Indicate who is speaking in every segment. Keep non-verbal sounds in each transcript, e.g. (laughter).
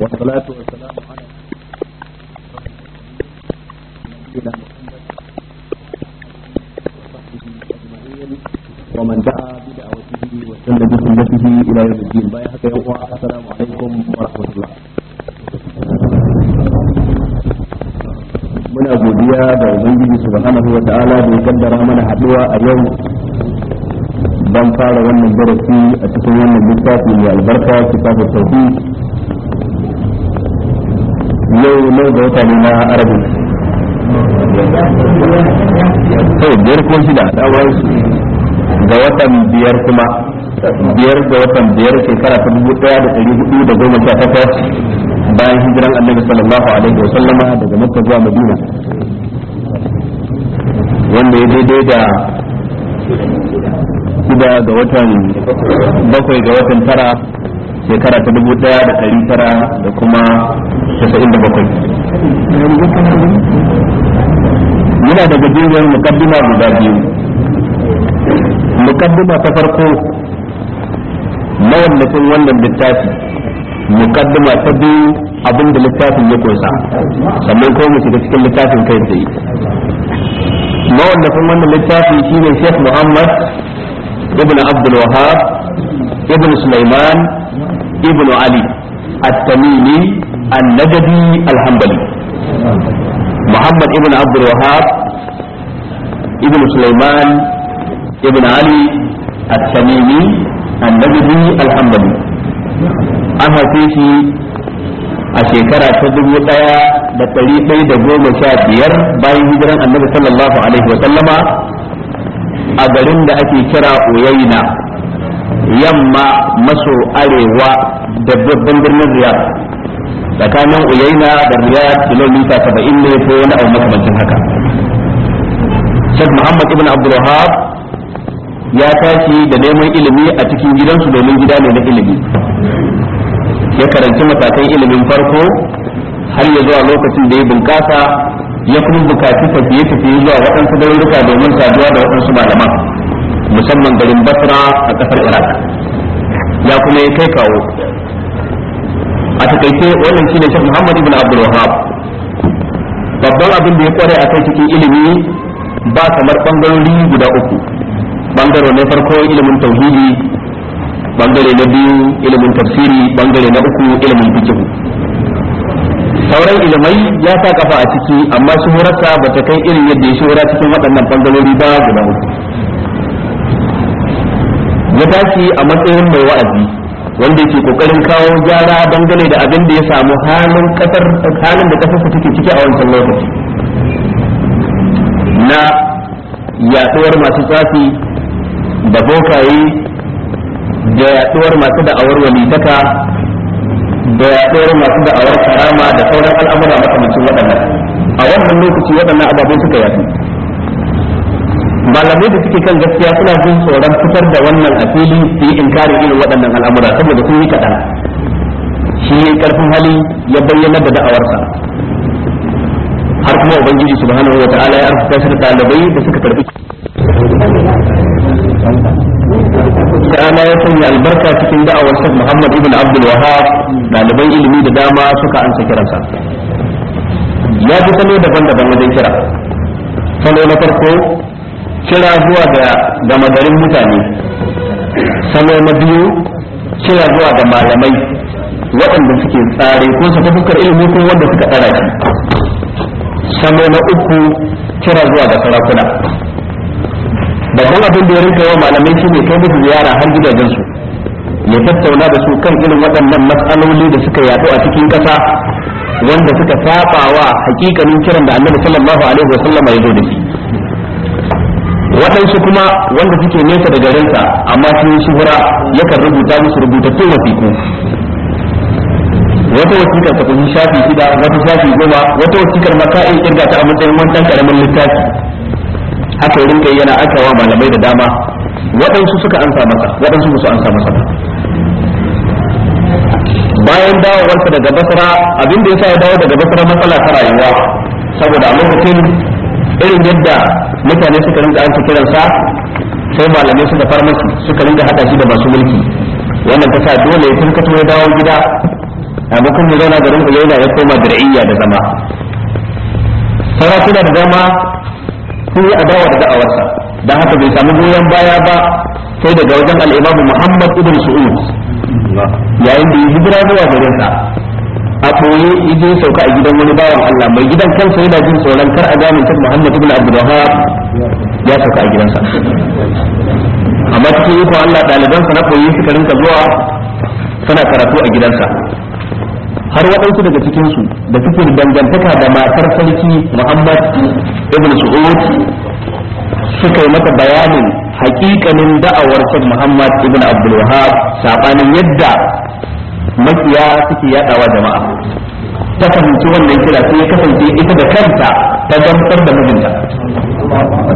Speaker 1: والصلاة والسلام على نبينا محمد وصحبه أجمعين ومن دعا بدعوته
Speaker 2: وسن بسنته إلى يوم الدين بايعك يوم السلام عليكم ورحمة الله muna godiya da ubangiji
Speaker 1: subhanahu wa ta'ala da ya kaddara mana haduwa a yau ban fara wannan darasi a cikin wannan littafi mai albarka kitabu tauhid yau yau da wata na arabin biyar shida ga watan biyar kuma biyar ga watan biyar shekara ta dubu daya da hudu da goma sha takwas bayan hijiran annabi sallallahu alaihi wa sallama daga makka zuwa madina wanda ya daidai da shida ga watan bakwai ga watan tara shekara ta dubu daya da dari tara da kuma casa'in da bakwai muna da gajiyar mukaddima guda biyu mukaddima ta farko mawallafin wannan littafi mukaddima ta biyu abinda littafin ya kunsa sannan ko mu shiga cikin littafin kai tsaye mawallafin wannan littafi shine Sheikh Muhammad ibn Abdul Wahab ibn sulaiman ibn ali at-tamimi an-nadabi al muhammad ibn abdul ibn sulaiman ibn ali at-tamimi an an haife shi a shekara ta dubu daya da ɗari ɗaya da goma sha biyar bayan hijiran annabi sallallahu alaihi wa sallama a garin da ake kira Uyayna yamma maso arewa da babban birnin riyad tsakanin uyaina da riyad kilomita saba'in ne ko wani abu makamancin haka shek muhammad ibn abdulwahab ya tashi da neman ilimi a cikin gidansu domin gida ne na ilimi ya karanci matakan ilimin farko har ya zuwa lokacin da ya bunkasa ya kuma bukaci tafiye-tafiye zuwa waɗansu garuruka domin saduwa da waɗansu malaman musamman garin basra a kasar iraq ya kuma ya kai kawo a takaice wannan shine shek muhammad ibn abdul wahab babban abin da ya kware a kai cikin ilimi ba kamar bangarori guda uku bangare na farko ilimin tauhidi bangare na biyu ilimin tafsiri bangare na uku ilimin fikihu sauran ilimai ya sa kafa a ciki amma shuhurarsa ba ta kai irin yadda ya shuhura cikin waɗannan bangarori ba guda uku ya tashi a matsayin mai wa'azi wanda yake kokarin kawo gyara dangane da abin da ya samu halin kasar halin da kasar take ciki a wancan lokaci na yaduwar masu tsafi da bokaye da yaduwar masu da'awar walitaka da yaduwar masu da'awar karama da sauran al'amura makamancin waɗannan a wannan lokaci waɗannan ababen suka yaɗu malamai da suke kan gaskiya suna jin tsoron fitar da wannan a fili su yi inkari irin waɗannan al'amura saboda sun yi kaɗan shi karfin hali ya bayyana da da'awarsa har kuma ubangiji subhanahu wa ta'ala ya arzuta shi da ɗalibai da suka karɓi ta'ala ya sanya albarka cikin da'awar shi Muhammad ibn Abdul Wahab ɗaliban ilimi da dama suka ansa kiransa ya fi salo daban-daban wajen kira salo na farko kira zuwa ga gama garin mutane sama na biyu kira zuwa ga malamai waɗanda suke tsare ko su fukar ilimi ko wanda suka tsara shi sama na uku kira zuwa ga sarakuna babban abin da ya rinka yawa malamai shi ne kai musu ziyara har su, ya tattauna da su kan irin waɗannan matsaloli da suka yaɗu a cikin ƙasa wanda suka saba wa hakikanin kiran da annabi sallallahu alaihi wasallam ya zo da shi waɗansu kuma wanda suke nesa da garinsa amma sun yi shuhura yakan rubuta musu rubutattun wasiku wata wasikar ta kuma shafi shida wata shafi goma wata wasikar ma ka iya kirga ta a matsayin wancan karamin littafi haka yi kai yana akawa malamai da dama waɗansu suka ansa masa waɗansu musu ansa masa ba bayan dawowarsa daga basra abin da ya sa ya dawo daga basra matsala ta rayuwa saboda a lokacin irin yadda mutane suka rinka an kiransa sai malamai suka far suka rinka hada shi da masu mulki wannan ta sa dole tun ka ya dawo gida a bakun mu zauna garin uyaina ya koma dar'iyya da zama sarakuna da zama sun yi adawa da da'awarsa don haka bai samu goyon baya ba sai daga wajen al'imamu muhammad ibn su'ud yayin da ya hijira zuwa garinsa a koyi idan sauka a gidan wani bawan Allah mai gidan kansa yana jin tsoron kar a gane ta Muhammad ibn Abdul Wahhab
Speaker 2: ya sauka a gidansa amma cikin ko Allah
Speaker 1: sa na koyi suka rinka zuwa suna karatu a gidansa har waɗansu daga cikin su da suke dangantaka da matar sarki Muhammad ibn Su'ud suka yi mata bayanin hakikanin da'awar Muhammad ibn Abdul Wahhab sabanin yadda makiya suke yadawa jama'a ta fahimci wannan kira sai ya kasance ita da kanta ta gamsar da mijinta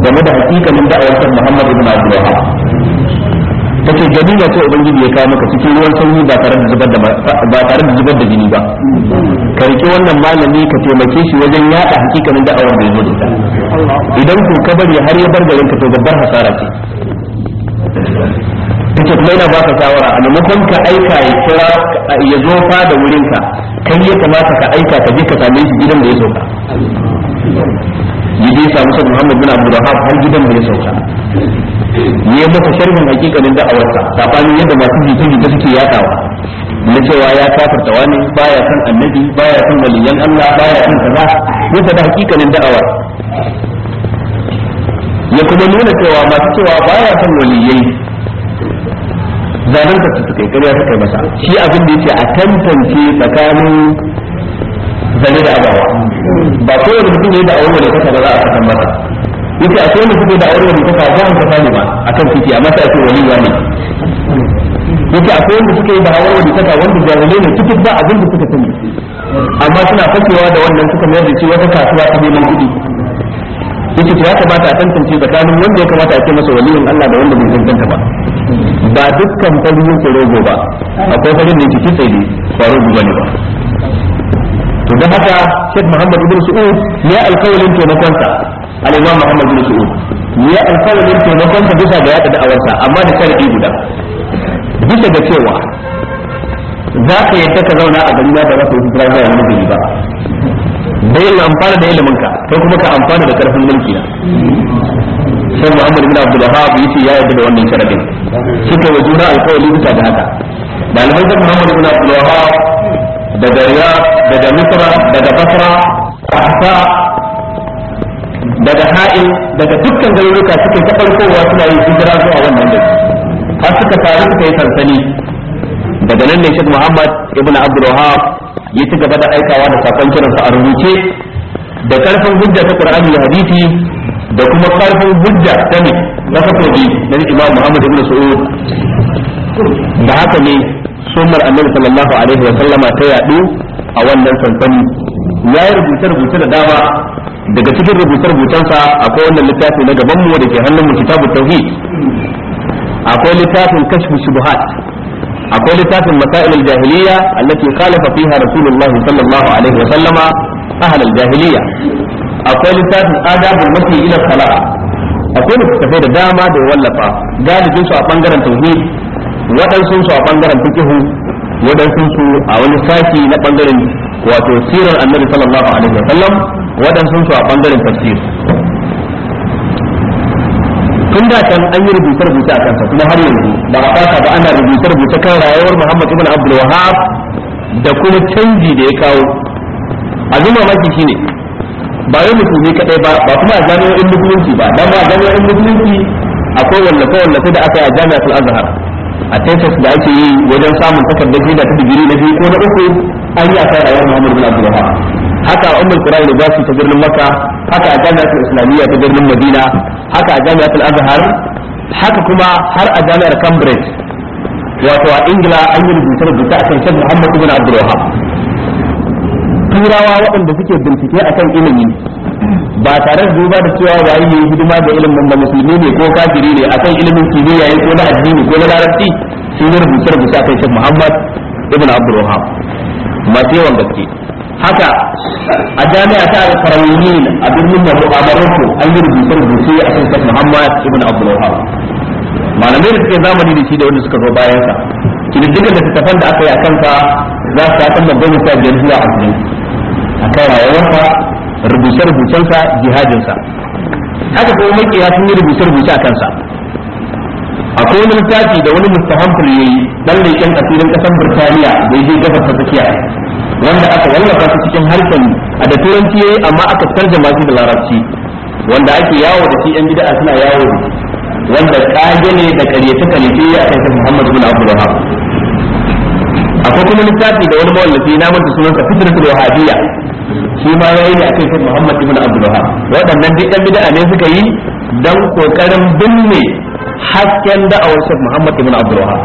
Speaker 1: game da hakikalin da'awar san Muhammad ibn Abdullah Wahhab jami'a ce ubangiji ya kawo maka cikin ruwan sanyi ba tare da zubar da jini ba ka rike wannan malami ka taimake shi wajen yada hakikalin da'awar da da idan ku ka bari har ya bar garin ka to babbar hasara ce kace kuma yana baka shawara a maimakon ka aika ya kira ya zo fa da wurin ka kai ya kamata ka aika ka je ka same shi gidan da ya sauka yaje samu sa Muhammad bin Abdul Wahhab har gidan da ya sauka ne maka sharhin hakikanin da'awarsa sabanin yadda masu jiki da suke yadawa na cewa ya kafirta wani baya san annabi baya san waliyan Allah baya san kaza yadda da hakikanin da'awar ya kuma nuna cewa masu cewa baya san waliyai zalunta su suka yi ƙarya masa shi abin da yake a tantance tsakanin zane da abawa ba ko wani mutum ne da aure ne kasa da za a kasan masa yake a kowane mutum da aure da kasa za a kasa ne ba a kan titi amma masa ake wani ya yake a akwai wanda suka yi da hawa wanda kasa wanda jahilai ne cikin ba abin da suka sani
Speaker 2: amma suna fakewa da wannan suka mayar da shi wata kasuwa ta neman kuɗi
Speaker 1: yake ya kamata a tantance tsakanin wanda ya kamata a ce masa waliyin Allah da wanda bai tantance ba ba dukkan fari yake rogo ba akwai farin ne cikin tsaye dai guba ne bane ba to don haka Sheikh Muhammad ibn Su'ud ya alkawalin taimakon sa al Muhammad ibn Su'ud ya alkawalin taimakon sa bisa ga yada da'awarsa amma da sharadi guda
Speaker 2: bisa ga cewa za ka yadda ka zauna a gari da za ka yi fitra zuwa wani gari ba bayan amfana da ilimin ka kai kuma ka amfana da karfin mulki na
Speaker 1: sai Muhammad bin Abdul Wahhab yace ya yarda da wannan sharadin suka yi juna alƙawari bisa da haka da da Muhammad bin Abdul Wahhab daga Riyadh daga Misra daga Basra Ahsa daga Ha'il daga dukkan garuruka suka ta farkowa suna yi hijira zuwa wannan gari har suka taru suka yi sansani daga nan ne Sheikh Muhammad ibn Abdul Wahhab ya ci gaba da aikawa da sakon kiransa a rubuce da karfin hujja ta Qur'ani da hadisi da kuma karfin hujja ta ne na fatobi na imam muhammad ibn su'ud da haka ne sunnar annabi sallallahu alaihi wa sallama ta yadu a wannan sansani ya yi rubuce-rubuce da dama daga cikin rubuce-rubucensa akwai wannan littafi na gaban mu da ke hannun mu kitabu tauhid akwai littafin kashfu shubuhat akwai littafin masail al-jahiliya allati khalafa fiha rasulullahi sallallahu alaihi wa sallama ahlal jahiliya akwai littafin adabul mafi ila salah akwai littattafai da dama da wallafa galibin su a bangaren tauhid waɗansu su a bangaren fiqhu waɗansu su a wani sashi na bangaren wato sirar annabi sallallahu alaihi wa sallam waɗansu su a bangaren tafsir tun da kan an yi rubutar rubuce a kansa kuma har yanzu ba a fasa ba ana rubutar rubuta kan rayuwar Muhammad ibn Abdul Wahhab da kuma canji da ya kawo abin maki shine ba wai musulmi kadai ba ba kuma a jami'o'in musulunci ba dan ma a jami'o'in musulunci akwai wallafe wallafe da aka yi a jami'atul azhar a tesis da ake yi wajen samun takardar shaida ta digiri na biyu ko na uku an yi a kai rayuwar muhammadu bin abdul haka a ummul da university ta birnin makka haka a jami'atul islamiyya ta birnin madina haka a jami'atul azhar haka kuma har a jami'ar cambridge wato a ingila an yi rubuce rubuce akan shaikh muhammad bin abdul turawa waɗanda suke bincike akan ilimi ba tare da duba da cewa waye ne hidima ga ilimin ba musulmi ne ko kafiri ne akan ilimin kimiyya ne ko na addini ko na larabci sun yi rubuce rubuce akan shi Muhammad ibn Abdul Wahhab masu yawan gaske haka a jami'a ta al-Qarawiyyin a birnin Maroko an yi rubuce rubuce kan shi Muhammad ibn Abdul wahab malamai da suke zamani da shi da wanda suka zo bayan sa kididdigar da tattafan da aka yi a kansa za su ta kan babban misali yanzu a asibiti a kan rayuwarsa rubuce-rubucensa jihadinsa haka kuma ya sun yi rubuce-rubuce a kansa akwai wani littafi da wani mustahamfur ya yi dan leƙen asirin ƙasar Birtaniya da ya je gabar ta tsakiya wanda aka wallafa su cikin harshen a da turanci yi amma aka tarjama shi da larabci wanda ake yawo da shi yan bid'a suna yawo wanda kage ne da karyace karyace a kan Muhammad bin Abdullahi. akwai kuma littafi da wani mawallafi na manta sunan sa fitratul wahabiyya shi ma yayi ne akan sai Muhammad ibn Abdul Wahhab waɗannan duk dan bid'a ne suka yi dan kokarin binne hasken da'awar sai Muhammad ibn Abdul Wahhab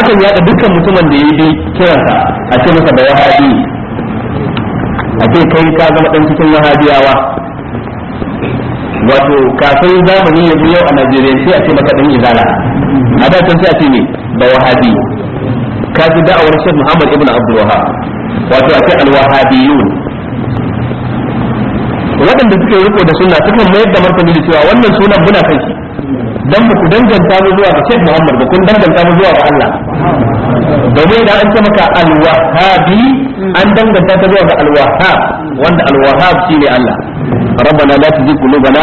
Speaker 1: akan yada dukkan mutumin da ya bi sa a ce masa da wahabi a ce kai ka zama dan cikin wahabiyawa wato kafin zamani ya yau a Najeriya sai a ce maka dan izala a da sai a ce ne da wahabi ka ji da'awar Sheikh Muhammad ibn Abdul Wahhab wato a al-wahhabiyun waɗanda suke riko da sunna suka mayar da martani da cewa wannan sunan buna kai shi dan ba ku danganta mu zuwa ga Sheikh Muhammad ba kun danganta mu zuwa ga Allah domin idan an ce maka Alwahabi an danganta ta zuwa ga Alwahab wahhab wanda al-wahhab shine Allah ربنا لا تزغ قلوبنا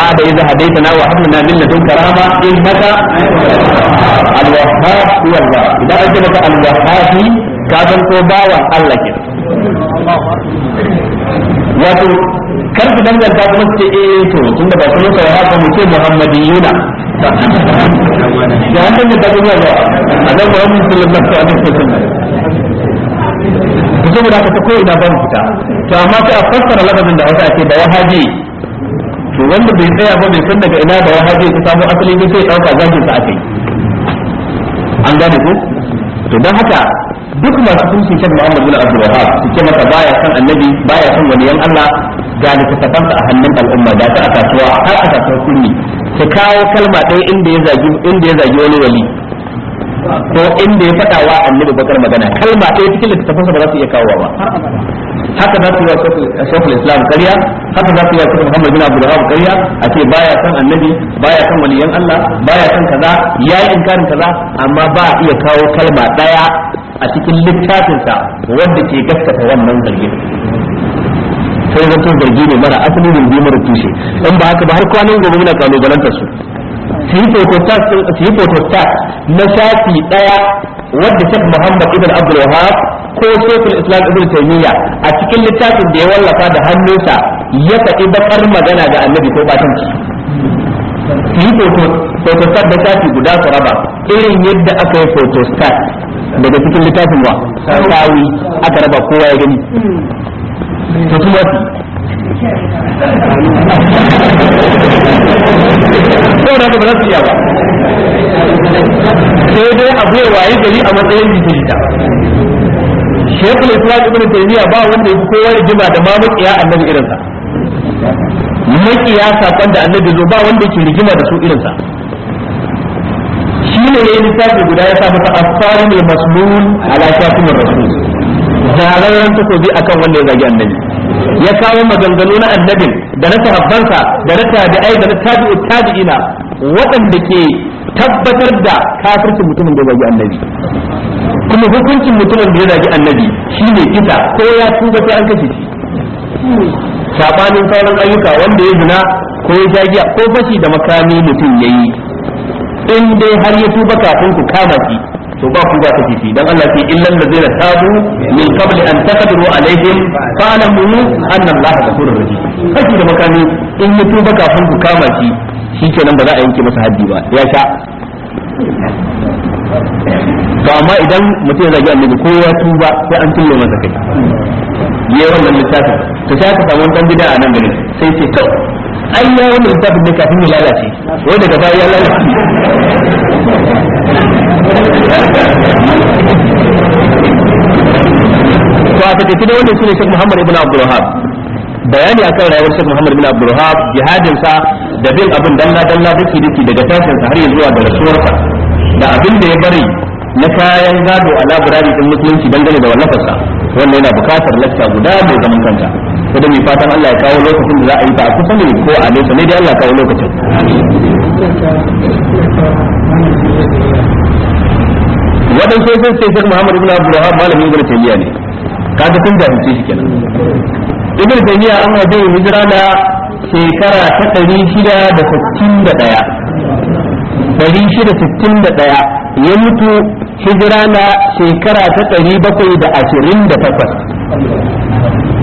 Speaker 1: بعد إذا هديتنا وهب لنا من لدنك رحمة إنك الوهاب هو الله إذا أنت الوهاب كابن توبا الله
Speaker 2: wato kar ku danganta kuma su ce eh to tunda ba su nuna wa mu ce yuna da an danganta kuma ba a muhammadu sallallahu alaihi wasallam saboda haka ta koyi ina ban fita to amma sai a fassara lafazin da wata ake da wahabi
Speaker 1: to wanda bai tsaya ba bai san daga ina da wahabi ta samu asali ba sai dauka zagin sa ake, an gane ko to dan haka duk masu kunshi shan Muhammad bin Abdul Wahhab suke masa baya san annabi baya san 'yan Allah ga littattafan a hannun al'umma da ta a kasuwa har a kunni ta kawo kalma ɗaya inda ya zagi inda ya zagi wani wali ko inda ya faɗa wa annabi bakar magana kalma ta yi cikin sa ba za su iya kawo ba haka za su yi wa shekul islam karya haka za su yi wa shekul muhammadu bin abu dawud karya a ce baya san annabi baya san waliyan allah baya san kaza ya yi inkarin kaza amma ba a iya kawo kalma ɗaya a cikin littafinsa wanda ke gaskata wannan zargin sai zancen zargi ne mara asali ne mara tushe in ba haka ba har kwanan gobe muna kalubalantar su su yi photostat su na shafi ɗaya wadda Sheikh Muhammad ibn abdulwahab ko Sheikhul Islam ibn Taimiyya a cikin littafin da ya wallafa da hannunsa ya faɗi bakar magana ga Annabi ko batanci su yi photostat da shafi guda su raba irin yadda aka yi photostat daga cikin littafin wa sawi aka raba kowa ya gani
Speaker 2: saboda
Speaker 1: haka ba za su iya ba sai dai abu ya waye gari a matsayin jita shekul islam ibn taymiya ba wanda yake kowa ya jima da mamukiya annabi irinsa makiya sakon da annabi zo ba wanda yake rigima da su irinsa shi ne ya yi guda ya sa masa asfari mai maslul ala shafin rasul zararren takobi akan wanda ya zagi annabi ya kawo maganganu na annabin da na sahabbansa da na tabi'ai da na tabi'u tabi'ina waɗanda ke tabbatar da kafircin mutumin da ya zagi annabi kuma hukuncin mutumin da ya zagi annabi shine kisa ko ya tuba sai an kashe shi sabanin sauran ayyuka wanda ya zina ko ya jagiya ko fashi da makami mutum yayi in dai har ya tuba kafin ku kama shi to ba ku ba ta kifi dan Allah ke illal ladzina tabu min qabli an taqdiru alaihim fa'lamu anna Allah ghafurur rahim kashi da makami in ya tuba kafin ku kama shi shikenan ba za a yanke masa haddi ba ya sha to amma idan mutum ya zagi annabi ko ya tuba sai an tulle masa kai ya yi wannan littafin ta sha ka samu dan bid'a nan garin sai ce to ai ya wannan littafin da kafin ya lalace wanda gaba ya lalace to a takaice da wannan shine Sheikh Muhammad ibn Abdul Wahhab bayani akan rayuwar Sheikh Muhammad ibn Abdul Wahhab jihadin sa da bin abin dalla dalla duki duki daga tashin sa har zuwa ga rasuwarsa da abin da ya bari na kayan gado a laburare din musulunci dangane da sa wanda yana bukatar lacca guda mai zaman kanta ko da mai fatan Allah ya kawo lokacin da za a yi ta a kusa ne ko a nesa ne dai Allah ya kawo lokacin waɗansu sai sai shek muhammad ibn abdul Wahhab malami ibn taymiya ne kaga sun jahilce shi kenan ibn taymiya an waje hijira da shekara ta ɗari ɗaya ya mutu hijira na shekara ta 728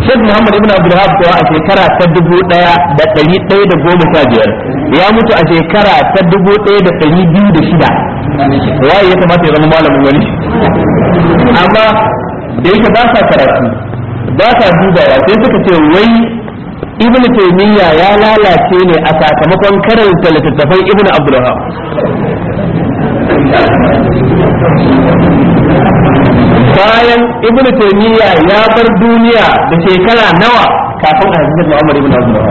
Speaker 1: Sheikh Muhammad Ibn Abdul Rahab kuwa a shekara ta dubu ɗaya da ɗari ɗaya da goma sha biyar ya mutu a shekara ta dubu ɗaya da ɗari biyu da shida waye ya kamata ya zama malamin wani amma da yake ba sa karatu ba sa dubawa sai suka ce wai ibn taymiya ya lalace ne a sakamakon karanta littattafan ibn abdul bayan ibn taymiya ya bar duniya da shekara nawa kafin a hajjar muhammad ibn abdul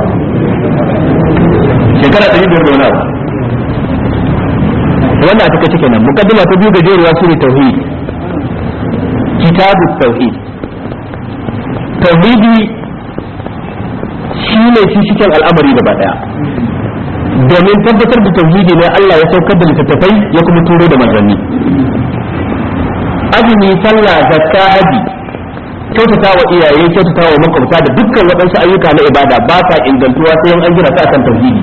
Speaker 1: shekara 500 da wani wannan take cike nan mukaddima ta biyu gajeruwa sune tauhid kitabu tauhid tauhidi shi ne cikin al'amari gaba daya domin tabbatar da tauhidi ne Allah ya saukar da littattafai ya kuma turo da manzanni azumi sallah zakka haji kyautata wa iyaye kyautata wa makwabta da dukkan waɗansu ayyuka na ibada ba ta ingantuwa sai an gina ta kan tauhidi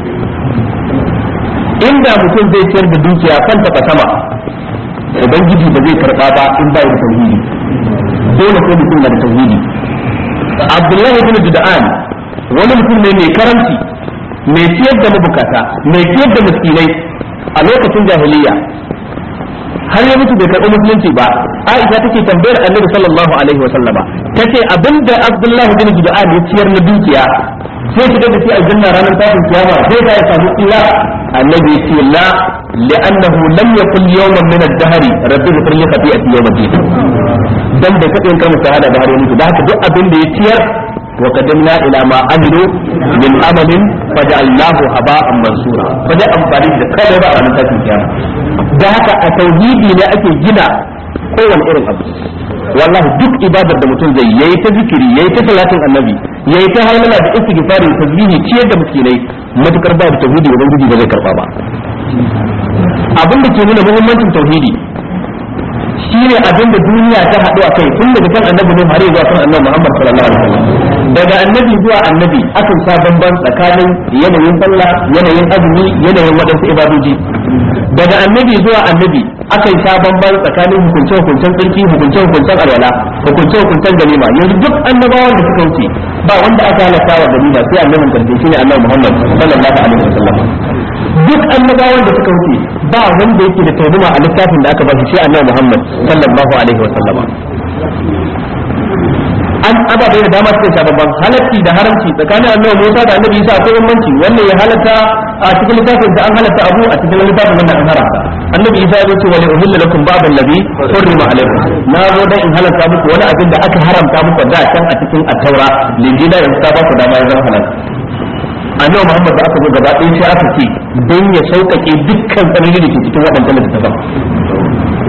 Speaker 1: inda mutum zai ciyar da dukiya kan ta sama ubangiji ba zai karɓa ba in ba da tauhidi dole sai mutum na da tauhidi abdullahi bin juda'an wani mutum ne mai karanci mai ciyar da mabukata mai ciyar da miskinai a lokacin jahiliya har ya mutu bai karɓi musulunci ba aisha take tambayar annabi sallallahu alaihi wa sallama tace abinda abdullahi bin jubair ya ciyar na dukiya sai shiga da a aljanna ranar tashin kiyama sai ta samu tsira annabi ce la li'annahu lam yakul yawman min ad-dahr rabbi ghfir li khati'ati yawm dan bai taɓa yin shahada da har ya mutu da haka duk abin da ya ciyar وقدمنا إلى ما عملوا من عمل فجعلناه هباء منصورا فده أمفاني ده كده بقى من تاكي كيانا ده هكا التوحيدي لأكي جنا kowane irin abu wallahi duk ibadar da mutum zai yayi ta zikiri yayi ta salatin annabi yayi ta halala da istighfari da tasbihi ciyar da miskinai matukar babu tauhidi ubangiji ba zai karba ba abin da ke nuna muhimmancin tauhidi ne abin da duniya ta haɗu a kai tun daga kan annabi ne har zuwa kan annabi Muhammad sallallahu alaihi wasallam daga annabi zuwa annabi akan sa bamban tsakanin yanayin sallah yanayin azumi yanayin wadansu ibadoji daga annabi zuwa annabi akan sha bamban tsakanin hukunce hukuncen tsarki hukunce hukuncen alwala hukunce hukuncen ganima yanzu duk annabawan da suka wuce ba wanda aka halatta wa ganima sai annabin karshe shine annabi Muhammad sallallahu alaihi wasallam duk annabawan da suka wuce ba wanda yake da taimama a littafin da aka bashi shi annabi Muhammad sallallahu alaihi wa sallama an ababe da dama suka sha babban halatti da haramci tsakanin annabi Musa da annabi Isa akwai bambanci wannan ya halatta a cikin littafin da an halatta abu a cikin littafin da an haramta annabi Isa ya ce wala uhilla lakum ba'd allazi hurrima alaykum na zo dan in halatta muku wani abin da aka haramta muku da can a cikin at-taura linjila yanzu ta ba ku dama yanzu halal annabi Muhammad da aka zo gaba ɗaya sai aka ce dan ya sauƙaƙe dukkan tsanani da ke cikin waɗannan littafan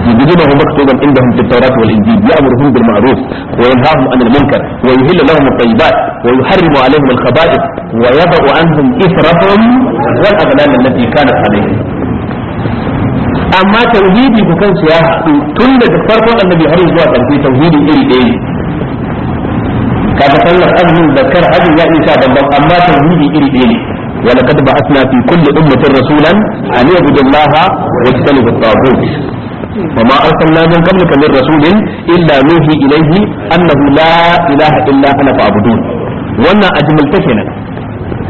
Speaker 1: يجب لهم مكتوبا عندهم في التوراه والانجيل يامرهم بالمعروف وينهاهم عن المنكر ويهل لهم الطيبات ويحرم عليهم الخبائث ويضع عنهم اثرهم والاغلال التي كانت عليهم اما توحيدي فكان سياحه تلد فرقا النبي عليه الصلاه والسلام في توحيد الاري kaga sallar da zakar hajji ya isa dandam amma tauhidi iri ɗaya ne ولقد بعثنا في كل أمة رسولا أن يعبدوا الله واجتنبوا الطاغوت وما أرسلنا من قبلك من رسول إلا نوحي إليه أنه لا إله إلا أنا فاعبدون وأنا أجملت هنا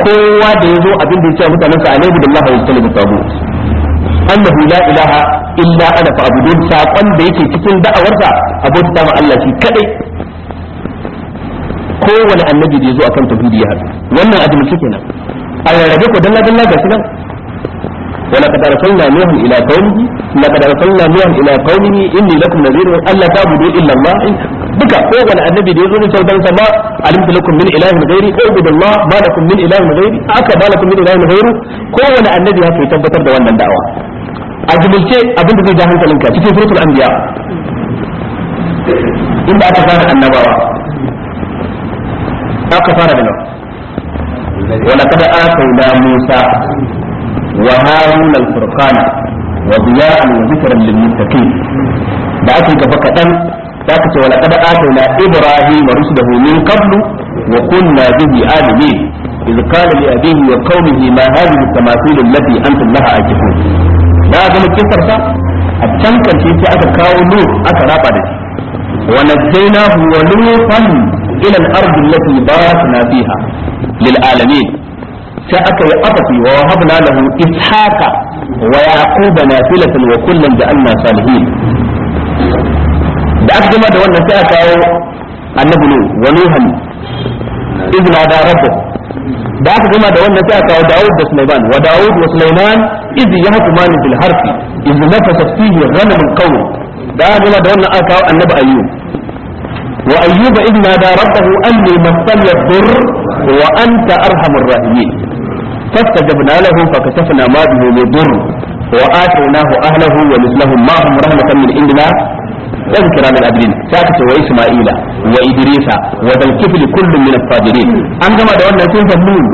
Speaker 1: kowa da ya zo abin da ya ce mutanen sa alaihi da Allah wa sallam tabu annahu la ilaha illa ana fa'budun sakon da yake cikin da'awarsa abota ma Allah shi kaɗai. kowane annabi da ya zo akan tauhidi ya wannan a jimce kenan a rarrabe ko dalla dalla ga shi nan ولقد أرسلنا نوحا إلى قومه لقد أرسلنا نوحا إلى قومه إني لكم نذير ألا تعبدوا إلا الله duka kowane annabi da ya zo ne sauran sa ma alimtu lakum min ilahin ghairi ubudu Allah ma lakum min ilahin ghairi aka ba lakum min ilahin ghairi kowane annabi haka ya tabbatar da wannan da'awa a jumulce abin da zai ja hankalinka cikin suratul anbiya inda aka fara annabawa ka fara da nawa wala kada atayna musa wa harun al-furqana wa diya'an wa dhikran lil muttaqin da aka gaba kadan za ka ce wala kada atayna ibrahim rusulahu min qablu wa kunna bihi alimin إذ قال لأبيه وقومه ما هذه التماثيل التي أنتم لها عاكفون da a gama kisarsa a can karshe aka kawo lut aka raba da shi wa najjaynahu wa lutan إلى الأرض التي باركنا فيها للعالمين sai aka yi afafi wa wahabna lahu ishaqa wa yaquba nafilatan wa kullan ja'alna salihin da aka gama da wannan sai aka kawo annabi nu wa nuhan ibn ada rabbu da aka gama da wannan sai aka kawo daud da sulaiman wa daud wa sulaiman iz yahkumani bil harfi iz nafasa fihi ghanam al qawm da aka gama da wannan aka kawo annabi ayyub وأيوب إذ نادى ربه أني مسني الضر وأنت أرحم الراحمين فاستجبنا له فكشفنا ما به من ضر وآتيناه أهله ومثلهم معهم رحمة من عندنا وذكر من أبلين ساكت وإسماعيل وإدريس وذا الكفل كل من الصابرين أنجم دعونا سنفهمون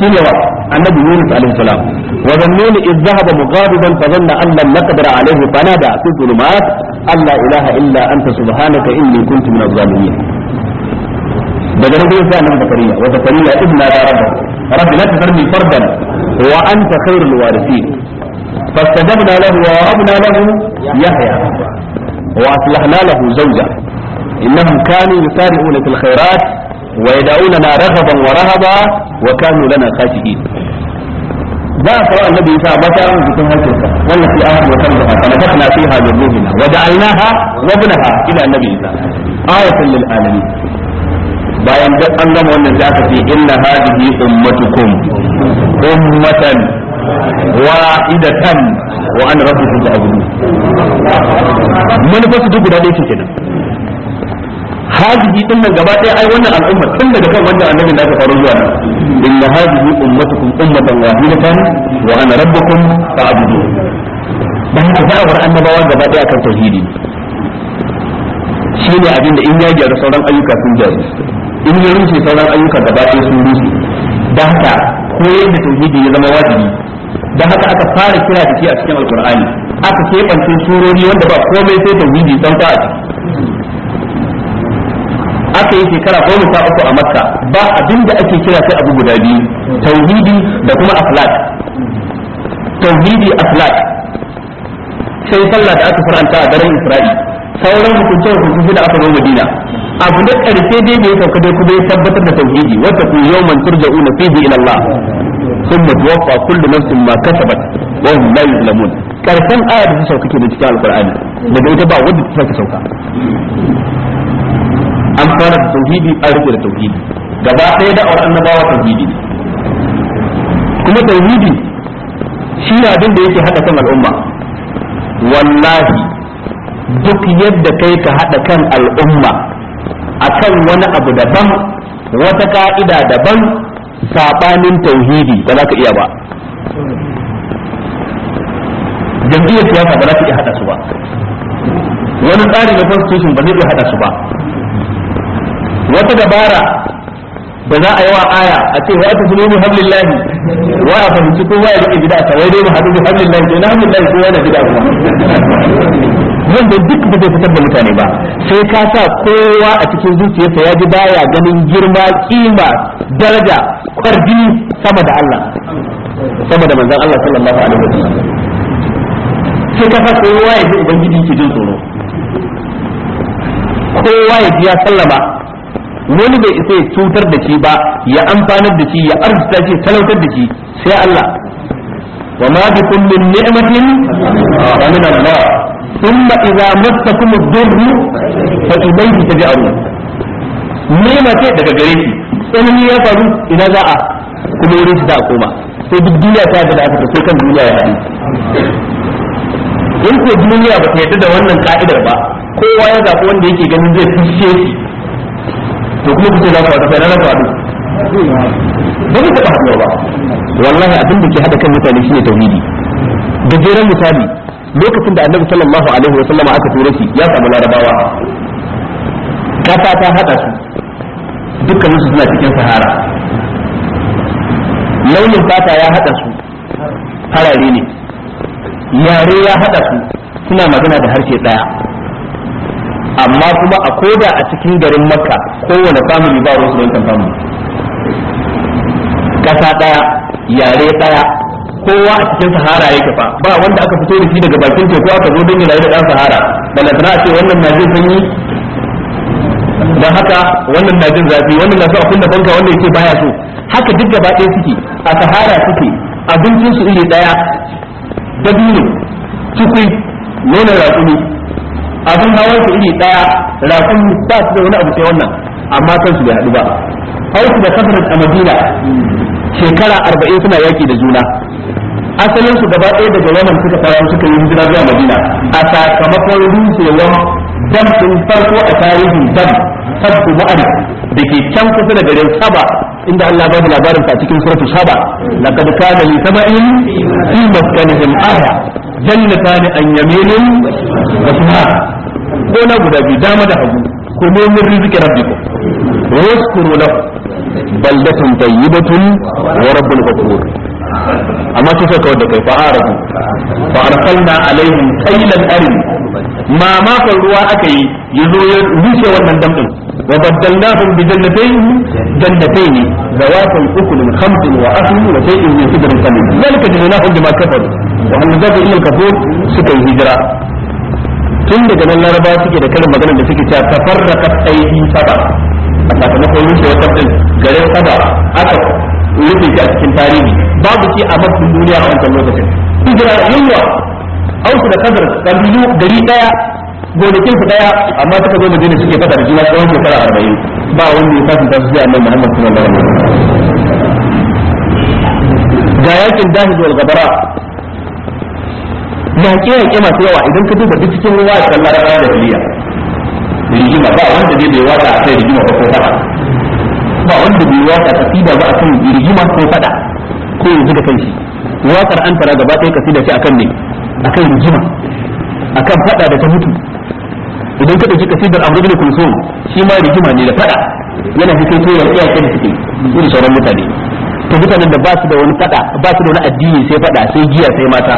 Speaker 1: shine wa annabi Yunus alaihi salam wa zannuni idh dhahaba mughadiban fa dhanna an lam naqdir alaihi fanada fi dhulumat alla ilaha illa anta subhanaka inni kuntu minadh zalimin daga nan gurin sai annabi zakariya wa zakariya ibn rabbi rabbi la tadharni fardan wa anta khairul warithin فاستجبنا له ووهبنا له يحيى واصلحنا له زوجه انهم كانوا يسارعون في الخيرات wa yad'unana raghaban wa rahaba wa kanu lana khashi'in ba a kawo annabi isa ba ta yin jikin hakinsa wannan fi ahad wa tarda fa na fakna fiha min ruhina wa isa bayan duk an gama wannan da aka ce inna hadhihi ummatukum ummatan wa'idatan wa ana rabbukum ta'budun mun fasu duk guda ɗaya kenan hadhihi din nan gaba ɗaya ai wannan al'umma tun daga kan wannan annabi da aka faru zuwa inna hadhihi ummatukum ummatan wahidatan wa ana rabbukum fa'budun dan haka da'awar annabawa gaba ɗaya akan tauhidi shine abin da in ya gyara sauran ayyuka sun gyaru in ya rushe sauran ayyuka gaba ɗaya sun rufe. dan haka koyar da tauhidi ya zama wajibi dan haka aka fara kira da shi a cikin alqur'ani aka kebance surori wanda ba komai sai tauhidi dan fa'a aka yi shekara goma sha uku a makka ba abin da ake kira sai abu guda biyu tauhidi da kuma aflak tauhidi aflak sai sallah da aka faranta a daren isra'i sauran hukunce hukunce da aka zo madina abu da karfe dai da ya sauka dai kuma ya tabbatar da tauhidi wata ku yawman fi fihi ila Allah tuwaffa kullu nafsin ma kasabat wa hum la yuzlamun karfan ayar da ta sauka ke cikin alkur'ani daga ita ba wanda ta sauka an fara da tauhidi an rufe da tauhidi gaba ɗaya da'awar annabawa tauhidi ne kuma tauhidi shi ne abin da yake haɗa kan al'umma wallahi duk yadda kai ka haɗa kan al'umma akan wani abu daban wata ka'ida daban saɓanin tauhidi ba za ka iya ba jam'iyyar siyasa ba za ta iya haɗa su ba wani tsari na constitution ba zai iya haɗa su ba wata dabara da za a yi wa aya a ce wa ta sunu hamdulillahi wa a fahimci kowa ya rike bid'a ta wai dai mu hadu bi hablillahi dai na hamdulillahi kowa na bid'a kuma da duk ba zai fitar da mutane ba sai ka sa kowa a cikin zuciyarsa ya ji baya ganin girma kima daraja kwarji sama da Allah sama da manzon Allah sallallahu alaihi wasallam sai ka sa kowa ya ji ubangiji ke jin tsoro kowa ya ji ya sallama wani bai isa ya cutar da shi ba ya amfanar da shi ya arzuta shi talautar da shi sai Allah wa ma bi kullin ni'matin fa min Allah thumma idza massakum ad-durr fa ilayhi taj'alun ni'ma ce daga gare shi tsanani ya faru ina za a kuma wurin shi za a koma sai duk duniya ta yarda da haka sai kan duniya ya yi in ko duniya ba ta yadda da wannan ka'idar ba kowa ya zaɓi wanda yake ganin zai fushe shi to kuma kuce za ku haɗu sai na ku
Speaker 2: ba ku taɓa haɗuwa ba
Speaker 1: wallahi abin da ke haɗa kan mutane shine tauhidi gajeren misali lokacin da annabi sallallahu alaihi wa sallama aka tura shi ya samu larabawa kasa ta haɗa su dukkanin su suna cikin sahara launin fata ya haɗa su farare ne yare ya haɗa su suna magana da harshe ɗaya amma kuma a koda a cikin garin makka kowane family ba wasu yankan family kasa daya yare daya kowa a cikin sahara yake fa ba wanda aka fito da shi daga bakin teku aka zo don yana da dan sahara bala tana ce wannan na jin sanyi dan haka wannan na jin zafi wannan na so a kunna banka wanda yake baya so haka duk gaba ɗaya suke a sahara suke abincin su iri daya dabino tukui nonon raƙumi abin hawan su iri daya rafin ba su da wani abu sai wannan amma kansu bai haɗu ba hausu da kafirin a madina shekara arba'in suna yaki da juna asalin su gaba ɗaya daga yawan suka fara suka yi hijira zuwa madina a sakamakon rusewar dam sun farko a tarihin dam sabbin ma'ana da ke can kusa da garin saba inda Allah babu labarin ta cikin suratul saba laqad kana li sab'in fi maskanihim aya jannatani an yaminin wa shimala gona guda biyu dama da hagu kuma mun rizqi rabbikum waskuru lahu baldatun tayyibatun wa rabbul ghafur amma su sai kawai da kai fa'arabu fa arsalna alaihim kaylan arim ma kan ruwa aka yi yazo ya rufe wannan damdin wa baddalnahum bi jannatayn jannatayn zawatun ukul khams wa asl wa shay'in min sidrin qalil zalika jazainahum bima kafaru wa hum zaka ilal kafur suka yi hijira tun daga nan laraba suke da karin maganar da suke cewa tafarraqat aidi a sakamakon rushe wata din gare sada aka rufe ta a cikin tarihi babu shi a mafi duniya a wancan lokacin hijira yunwa ausu da kadar kabilu gari daya gonakin su daya amma suka zo madina suke fada da juna tsawon shekara arba'in ba wanda ya kasance tasu zai annabi muhammad sallallahu alaihi ga yakin dahi zuwa gabara yaƙe yaƙe masu yawa idan ka duba duk cikin ruwa da sallar da jahiliya rigima ba wanda dai bai wata a kai rigima ko ko fara ba wanda bai waka kasida ba akan rigima ko fada ko yanzu da kanshi wakar an tara gaba ɗaya kasida ce akan ne akan rigima akan fada da ta mutu idan ka dauki kasidar amru bin kulsum shi ma rigima ne da fada
Speaker 2: yana cikin koyar ya da
Speaker 1: suke irin sauran mutane to mutanen da ba su da wani fada ba su da wani addini sai fada sai giya sai mata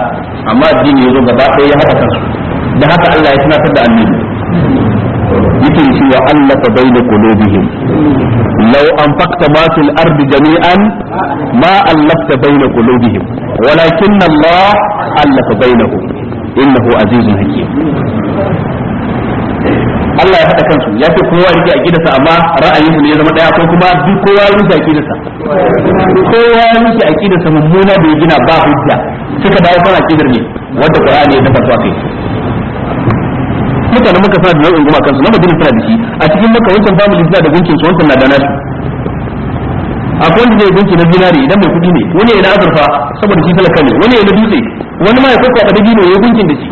Speaker 1: amma addini ya zo gaba ɗaya ya haɗa kansu da haka Allah ya tunatar da annabi yake shi Allah allafa baina kulubihim law anfaqta ma fil ardi jami'an ma allafta baina kulubihim walakin Allah allafa bainahum innahu azizun hakim Allah ya hada kansu ya ce kowa yake a gidansa amma ra'ayinsa ne ya zama ɗaya ko kuma duk kowa ya rushe a gidansa kowa ya rushe a gidansa mummuna da ya gina ba hujja suka dawo kana kidar ne wanda Qur'ani ya tabbata kai mutanen maka sa da nau'in goma su na madina suna da shi a cikin maka wancan family suna da gunkin su wancan na da nasu akwai wanda zai gunki na zinari idan mai kuɗi ne wani ya na azurfa saboda shi talaka ne wani ya na dutse wani ma ya kwakwa da dabino ya gunkin da shi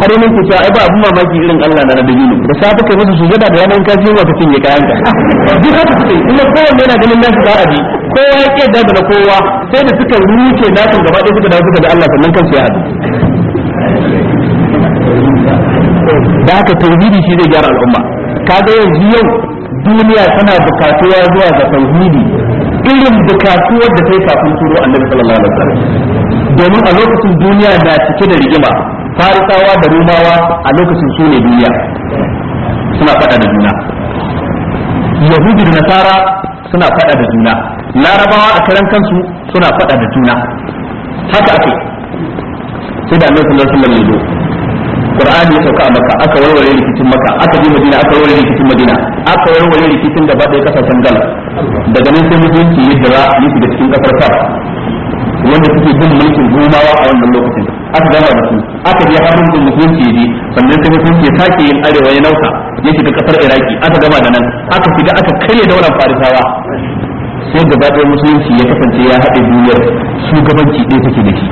Speaker 1: har yi ku cewa ai ba abin mamaki irin Allah na dabino da safe kai musu sujada da yanan kaji yawa kacin ya kayan ka duk haka suke kuma kowanne yana ganin nasu za a bi kowa ya ke da na kowa sai da suka ruke nasu gaba ɗaya suka dawo suka da Allah sannan kansu ya haɗu da haka tauhidi shi zai gyara al'umma kaga yanzu yau duniya tana bukatuwa zuwa ga tauhidi irin bukatuwar da ta yi kafin turo annabi sallallahu alaihi wasallam domin a lokacin duniya na cike da rigima farisawa da rumawa a lokacin su ne duniya suna fada da juna yahudi da nasara suna fada da juna larabawa a karan kansu suna fada da juna haka ake sai da annabi sallallahu alaihi wasallam ya qur'ani ya sauka a maka aka warware rikicin maka aka bi madina aka warware rikicin madina aka warware rikicin da ɗaya kasashen gal daga nan sai musulunci ya jira ya shiga cikin kasar sa wanda suke bin mulkin gumawa a wannan lokacin aka gama da su aka je har mutum musulunci ya je sannan sai musulunci ya sake yin arewa ya nauka ya shiga kasar iraki aka gama da nan aka shiga aka karya daular farisawa sai gaba ɗaya musulunci ya kasance ya haɗe duniyar shugabanci ɗaya take da shi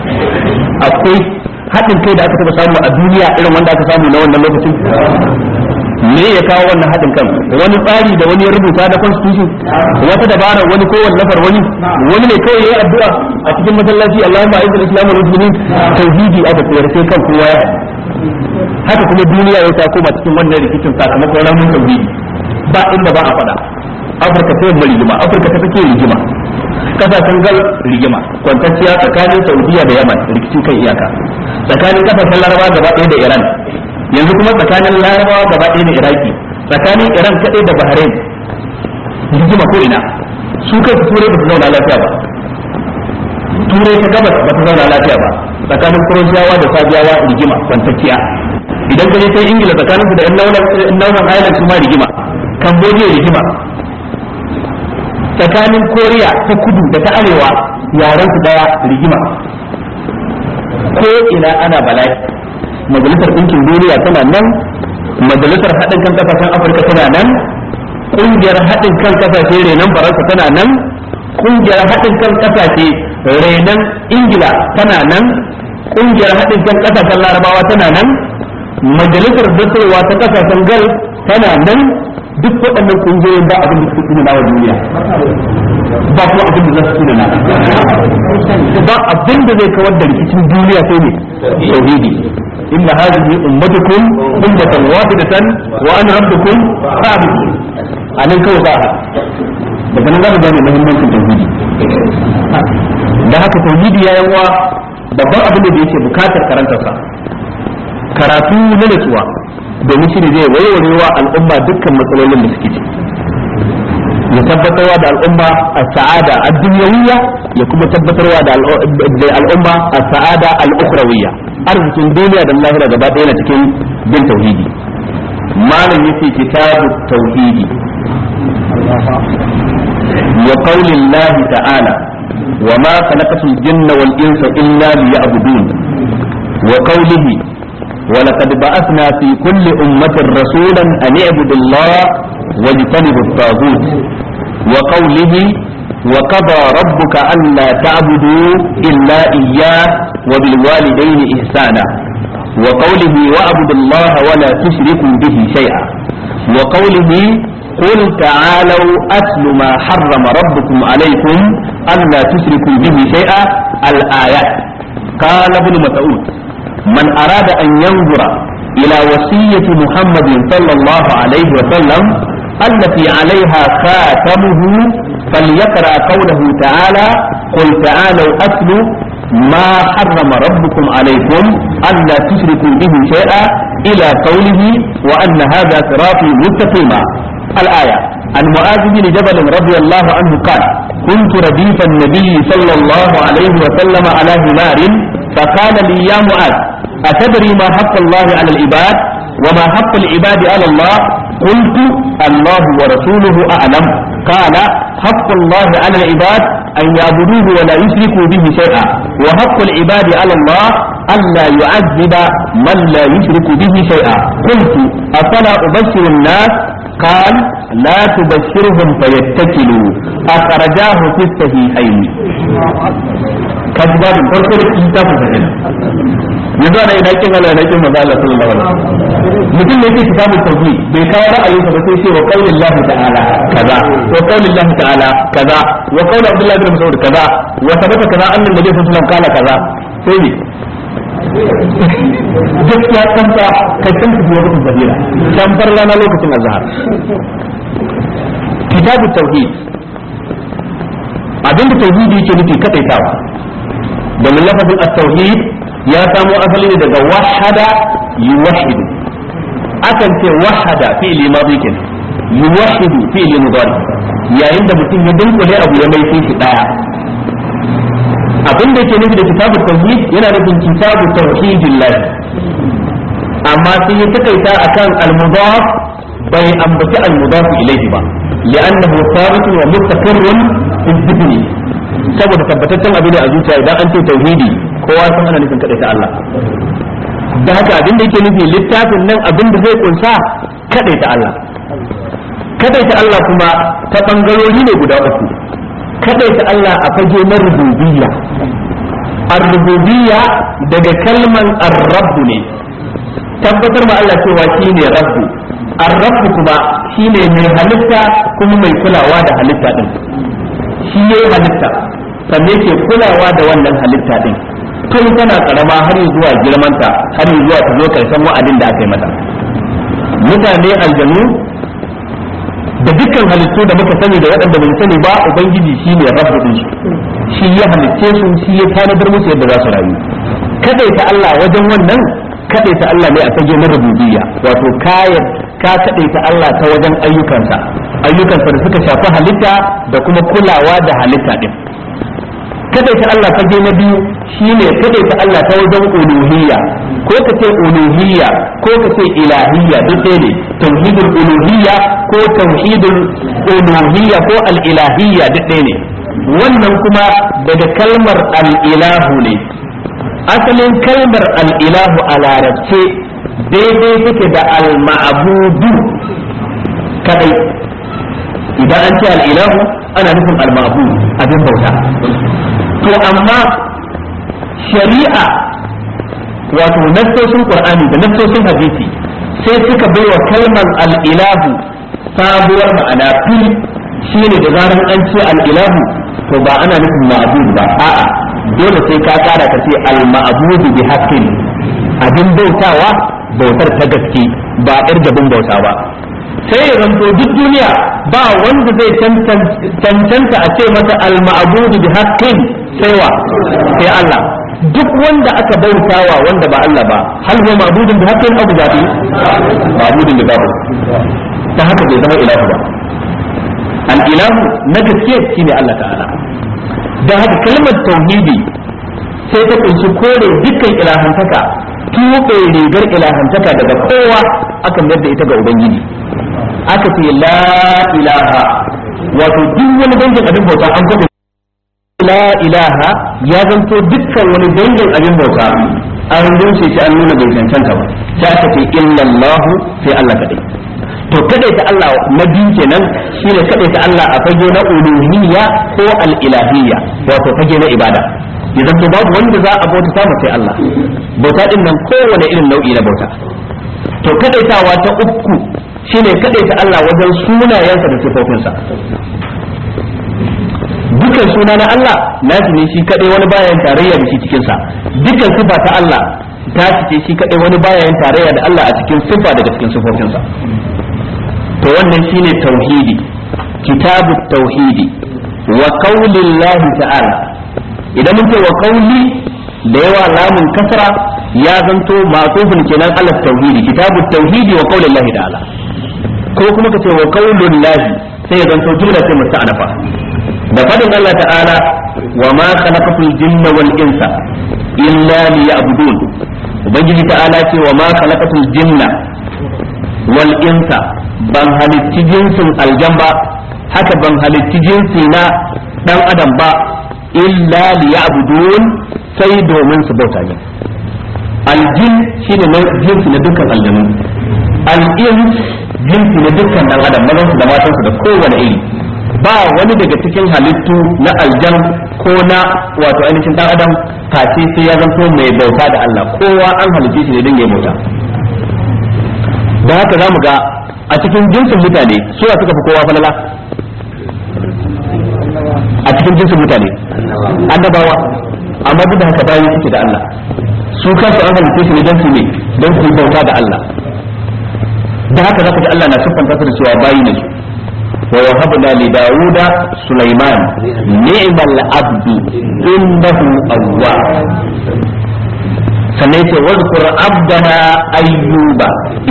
Speaker 1: akwai haɗin kai da aka taɓa samu a duniya irin wanda aka samu na wannan lokacin me ya kawo wannan haɗin kan wani tsari da wani ya rubuta da constitution wata dabara wani ko nafar wani wani ne kawai ya addu'a a cikin masallaci Allahumma a'izzil islamu wal muslimin tauhidi aka tsayar kan kowa ya haka kuma duniya ya ta koma cikin wannan rikicin sakamakon ramin tauhidi ba inda ba a faɗa Afirka ta yamma rigima Afirka ta take rigima kasashen gal rigima kwantacciya tsakanin saudiya da yaman rikicin kan iyaka tsakanin kasashen larabawa gaba ɗaya da iran yanzu kuma tsakanin larabawa gaba ɗaya da iraki tsakanin iran kaɗai da bahrain rigima ko ina su kai su turai ba su zauna lafiya ba turai ta gabas ba su zauna lafiya ba tsakanin kurosiyawa da sabiyawa rigima kwantacciya idan ka je sai ingila tsakanin su da yan launin island su ma rigima cambodia rigima tsakanin koriya ta kudu da ta arewa yaren su daya rigima ko ina ana bala'i majalisar ɗinkin duniya tana nan majalisar haɗin kan kasashen afirka tana nan ƙungiyar haɗin kan kasashe renan faransa tana nan ƙungiyar haɗin kan kasashe renan ingila tana nan ƙungiyar haɗin kan kasashen larabawa tana nan majalisar dasarwa ta kasashen gal tana nan duk waɗannan kungiyoyin ba abin da suke tsina na duniya ba kuma abin da za su tsina na ba abin da zai kawar da rikicin duniya sai ne tauhidi inna hadhihi ummatukum ummatan wahidatan wa ana rabbukum a
Speaker 2: anan kawai ba daga nan za mu gane muhimmancin tauhidi
Speaker 1: da haka tauhidi ya wa babban abin da yake bukatar karantarsa karatu na natsuwa domin shi ne zai wa al'umma dukkan matsalolin da suke ya tabbatarwa da al'umma a sa'ada a duniyawiyya ya kuma tabbatarwa da al'umma a sa'ada al'ukhrawiyya arzikin duniya da lahira gaba ɗaya na cikin bin tauhidi malam yace kitabu tauhidi wa qaulillahi ta'ala وما خلقت insa والإنس إلا ليعبدون وقوله ولقد بعثنا في كل أمة رسولا أن اعبدوا الله واجتنبوا الطاغوت وقوله وقضى ربك ألا تعبدوا إلا إياه وبالوالدين إحسانا وقوله واعبدوا الله ولا تشركوا به شيئا وقوله قل تعالوا أتل ما حرم ربكم عليكم ألا تشركوا به شيئا الآيات قال ابن مسعود من أراد أن ينظر إلى وصية محمد صلى الله عليه وسلم التي عليها خاتمه فليقرأ قوله تعالى قل تعالوا أتلوا ما حرم ربكم عليكم ألا تشركوا به شيئا إلى قوله وأن هذا صراطي مستقيما الآية عن معاذ بن جبل رضي الله عنه قال كنت رديف النبي صلى الله عليه وسلم على همار فقال لي يا معاذ أتدري ما حق الله على العباد وما حق العباد على الله قلت الله ورسوله أعلم قال حق الله على العباد أن يعبدوه ولا يشركوا به شيئا وحق العباد على الله ألا يعذب من لا يشرك به شيئا قلت أفلا أبشر الناس قال لا تبشرهم فيتكلوا أخرجاه في الصحيحين كذبان فرقل كتاب سهل yanzu ana ina kin Allah ina kin manzo Allah sallallahu alaihi
Speaker 2: wasallam
Speaker 1: mutum yake kitabu tauhid bai kawo ra'ayin sa ba sai ce wa qaulin Allah ta'ala kaza wa qaulin Allah ta'ala kaza wa qaul Abdullah bin Mas'ud kaza wa sabata kaza annabi sallallahu alaihi wasallam kala kaza sai
Speaker 2: gaskiya kanta kai san su lokacin
Speaker 1: zabira can bar lana lokacin azhar kitabu tauhid abinda tauhid yake nufi kadaitawa domin lafazin at-tauhid ya samo asali ne daga wahada yuwahidu akan ce wahada fi'li madhi kenan yuwahidu fi'li mudari yayin da mutum ya dunkule abu ya mai shi daya abin da yake nufi da kitabut tauhid yana nufin kitabut tauhidillah amma sai ya takaita akan al-mudaf bai ambaci al-mudaf ilayhi ba لأنه ثابت ومستقر في الذهن saboda tabbataccen abin ne a zuciya idan an ce tauhidi kowa san ana nufin kaɗai ta Allah da haka abin da yake nufi littafin nan abin da zai kunsa kaɗai ta Allah kaɗai ta Allah kuma ta bangarori ne guda uku kadaita Allah a fage na rububiyya ar-rububiyya daga kalman ar-rabb ne tabbatar ma Allah cewa shine rabbu ar-rabb kuma shine mai halitta kuma mai kulawa da halitta din shi ne halitta sannan ke kulawa da wannan halitta din tun tana karama har zuwa girman ta har zuwa ta zo karshen wa'adin da aka yi mata mutane aljanu da dukkan halittu da muka sani da waɗanda bai sani ba ubangiji shi ne rabu din shi ya halicce su shi ya tanadar musu yadda za su rayu kadai ta Allah wajen wannan kadai ta Allah ne a fage na rububiyya wato kayan ka kadai ta Allah ta wajen ayyukansa ayyukansa da suka shafi halitta da kuma kulawa da halitta din kadaita Allah fage na biyu shine kadaita Allah ta wajen uluhiyya ko ka ce uluhiyya ko ka ce ilahiyya duk ne tauhidul uluhiyya ko tauhidul uluhiyya ko al-ilahiyya duk ne wannan kuma daga kalmar al-ilahu ne asalin kalmar al-ilahu a larabce daidai take da al-ma'budu kadai idan an ce al-ilahu ana nufin al-ma'bud abin bauta to amma shari'a wato nassoshin qur'ani da nassoshin hadisi sai suka bai wa kalmar al'ilahu sabuwar ma'ana fil shi ne da zarar an ce al'ilahu to ba ana nufin ma'abud ba a'a dole sai ka kara ka ce al-ma'budu bi haqqin abin bautawa bautar ta gaske ba ir bin bauta ba sai ya zanto duk duniya ba wanda zai cancanta a ce masa al-ma'budu bi haqqin sai sai Allah duk wanda aka bautawa wanda ba Allah ba hal huwa ma'budun bi haqqin aw bi batil ma'budun bi batil ta haka bai zama ilahu ba al ilahu na gaske shine Allah ta'ala da haka kalmar tauhidi sai ta kunshi kore dukkan ilahantaka tuɓe rigar ilahantaka daga kowa akan yadda ita ga ubangiji aka ce la ilaha wato duk wani dangin abin bauta an kwaɗe la ilaha ya zanto dukkan wani dangin abin bauta an rinse shi an nuna bai cancanta ba ta ta ce illallahu sai Allah kadai to kadai ta Allah na biyu kenan shine kadai Allah a fage na uluhiyya ko al wato fage na ibada ya babu wanda za a bauta samu sai Allah bauta din nan kowane irin nau'i na bauta to kadaitawa ta uku shine kaɗaita Allah wajen sunayensa da sifofinsa dukan suna na Allah nasu ne shi kadai wani bayan tarayya da shi cikin sa dukan sifa ta Allah ta ce shi kadai wani bayan tarayya da Allah a cikin sifa daga cikin sifofin sa to wannan shine tauhidi kitabu tauhidi wa qaulillahi ta'ala idan mun ce wa qauli da yawa lamun kasra ya zanto matufin kenan ala tauhidi kitabu tauhidi wa qaulillahi ta'ala ko kuma ka ce wa qaulillahi sai ya zanto jumla ce nafa. da fadin Allah ta'ala wa ma khalaqatul jinna wal insa illa liya'budun ubangiji ta'ala ce wa ma khalaqatul jinna wal insa ban halitti jinsin aljan ba haka ban halitti jinsi na dan adam ba illa liya'budun sai domin su bauta ne aljin shine jinsi na dukkan aljanu al-ins jinsi na dukkan dan adam mazan su da matan su da kowane iri ba wani daga cikin halittu na aljan ko na wato ainihin dan adam face sai ya zanto mai bauta da Allah kowa an halice shi ne dinga ya bauta da haka za mu ga a cikin jinsin mutane suwa suka fi kowa falala a cikin jinsin mutane annabawa amma duk da haka bayi suke da Allah su kansu an halice shi ne dan su ne dan su bauta da Allah da haka za ku ji Allah na sifanta su da cewa bayi ne su ووهبنا لداود سليمان نعم العبد إنه أواب سنيت واذكر عبدنا أيوب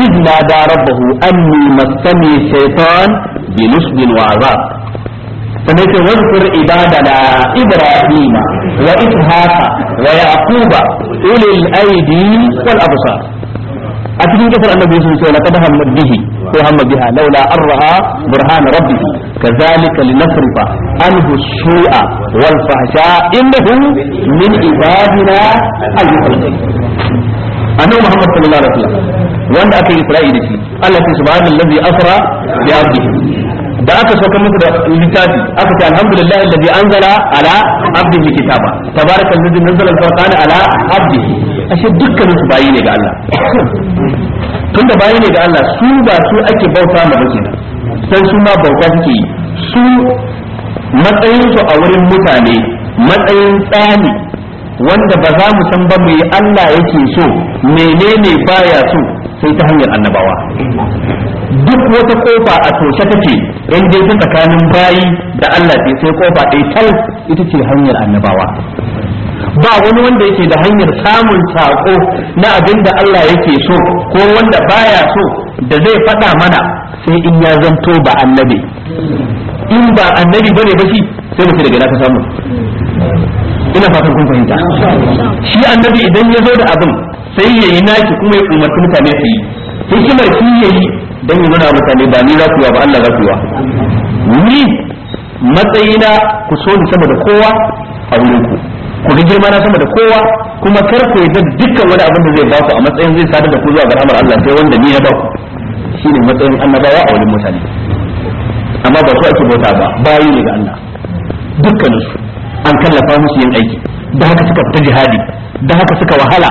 Speaker 1: إذ نادى ربه أني مسني الشيطان بنصب وعذاب سنيت واذكر عبادنا إبراهيم وإسحاق ويعقوب أولي الأيدي والأبصار a cikin kisar annabi yusuf sai la kada hammad bihi ko hamma biha laula an ra'a burhan rabbih kazalika linasrifa anhu su'a wal fahsha innahu min ibadina al-mukhlasin annabi muhammad sallallahu alaihi wasallam wanda aka yi isra'i da shi Allah subhanahu wa ta'ala asra bi abdihi da aka saukar musu da littafi aka ce alhamdulillah alladhi anzala ala abdihi kitaba tabaraka alladhi nazzala al ala abdihi ashe dukkan su bayi ne ga Allah (coughs) tunda bayi ne ga Allah su ba su ake bauta ma bakin sai su ma bauta suke yi su matsayin su a wurin mutane matsayin tsani wanda ba za mu san ba mai Allah yake so menene baya so sai ta hanyar annabawa duk wata kofa a toshe ta ce dai ta tsakanin bayi da Allah ce sai kofa ɗaya tal ita ce hanyar annabawa ba wani wanda yake da hanyar samun saƙo na abin da Allah yake so ko wanda baya so da zai faɗa mana sai in ya zanto ba annabi in ba annabi bane ba shi sai mu daga ka samu ina fatan kun fahimta shi annabi idan ya zo da abin sai ya yi nashi kuma ya umarci mutane su yi hikimar shi ya yi don yi nuna mutane ba ni za ba Allah za
Speaker 2: wa
Speaker 1: ni matsayina ku so ni sama da kowa a wurin ku ku ga girma na sama da kowa kuma kar ku yi dukkan wani abin da zai ba ku a matsayin zai sadar da ku zuwa ga amar Allah sai wanda ni na ba ku shine matsayin annabawa a wurin mutane amma ba su ake bauta ba bayi ne ga Allah dukkaninsu an kallafa musu yin aiki da haka suka fita jihadi da haka suka wahala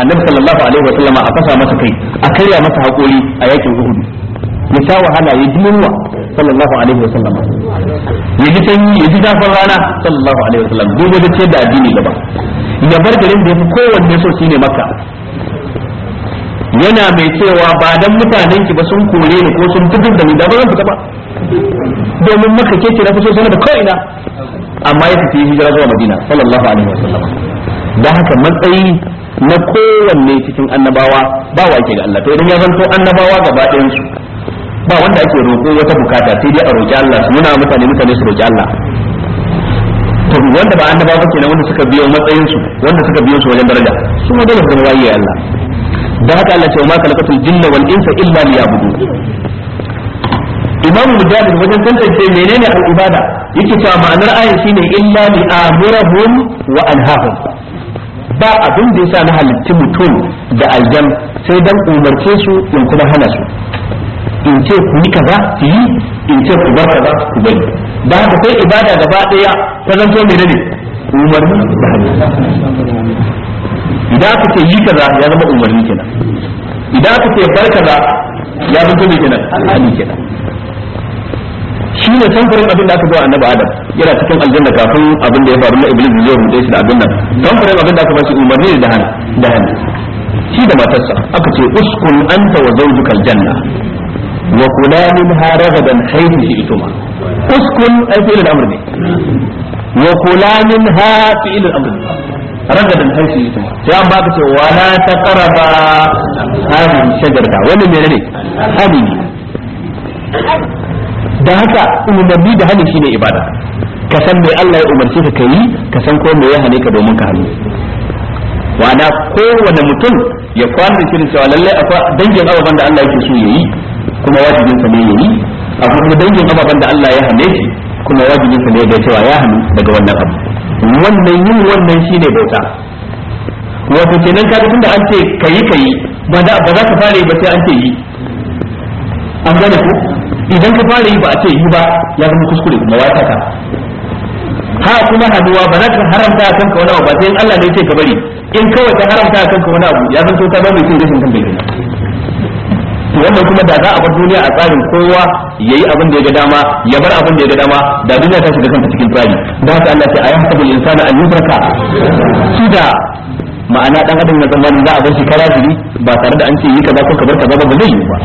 Speaker 1: annabi sallallahu alaihi wa sallama a fasa masa kai a karya masa hakori a yakin uhud ya sha wahala ya ji yunwa sallallahu alaihi wa sallama ya ji sanyi ya ji zafin rana sallallahu alaihi wa sallam dubo da ce da addini gaba ya bar garin da ya fi kowanne so shine makka yana mai cewa ba dan mutanen ki ba sun kore ni ko sun fitar da ni da ba zan fita ba domin makka ke ki na fito sana da na. amma ya tafi hijira zuwa madina sallallahu alaihi wasallam da haka matsayi na kowanne cikin annabawa ba wa ke ga Allah to idan ya zanto annabawa gaba ɗayan su ba wanda ake roƙo wata bukata sai dai a roƙi Allah su nuna mutane mutane su roƙi Allah to wanda ba annabawa ba kenan wanda suka biyo matsayin su wanda suka biyo su wajen daraja su ma dole su waye Allah da haka Allah ce wa ma khalaqatul jinna wal insa illa liya'budu imam mujahid wajen tantance menene al ibada yake cewa ma'anar ayin shine illa li wa anhahum ba abin da yasa na halitti mutum da aljan sai dan umarce su in kuma hana su in ce ku yi kaza ku yi in ce ku bar kaza ku bari da haka sai ibada gaba daya ta zanto ne, umarni da hali idan aka ce yi kaza ya zama umarni kenan idan aka ce bar kaza ya zanto kenan hali kenan shi ne samfurin abin da aka ba annabi adam yana cikin aljanna kafin abin da ya faru na iblis zai rubuce shi da abin nan samfurin abin da aka ba shi umarni da hannu da hannu shi da matarsa aka ce uskun anta wa zawjukal janna wa kula minha ragadan haythu shi'tuma uskun ay fi'l al-amr ne wa kula ha fi'l al-amr ragadan haythu shi'tuma sai an baka ce wala taqraba hadhihi shajarata wannan menene hadhihi da haka umarni da hali shine ibada ka san me Allah ya umarce ka kai ka san ko me ya hane ka domin ka hannu wana kowane mutum ya kwana da shirin cewa lallai akwai dangin ababen da Allah yake so yayi kuma wajibin sa ne yayi akwai kuma dangin ababen da Allah ya hane shi kuma wajibin sa ne da cewa ya hannu daga wannan abu wannan yin wannan shine bauta wato kenan kaga tunda an ce kayi kayi ba za ka fara ba sai an ce yi an gane ku idan ka fara yi ba a ce yi ba ya zama kuskure kuma ya ha kuma haduwa ba za ka haramta a kanka wani abu ba sai in Allah ne ce ka bari in kawai ka haramta a kanka wani abu ya zama so ka ba mai cin rashin bai to wannan kuma da za a bar duniya a tsarin kowa yayi abin da ya ga dama ya bar abin da ya ga dama da duniya ta shiga kanta cikin tsari da haka Allah ce a ayyuhal insana an yusraka da ma'ana dan adam na zamanin za a bar shi kara ba tare da an ce yi ka ko ka bar ka ba ba zai yi ba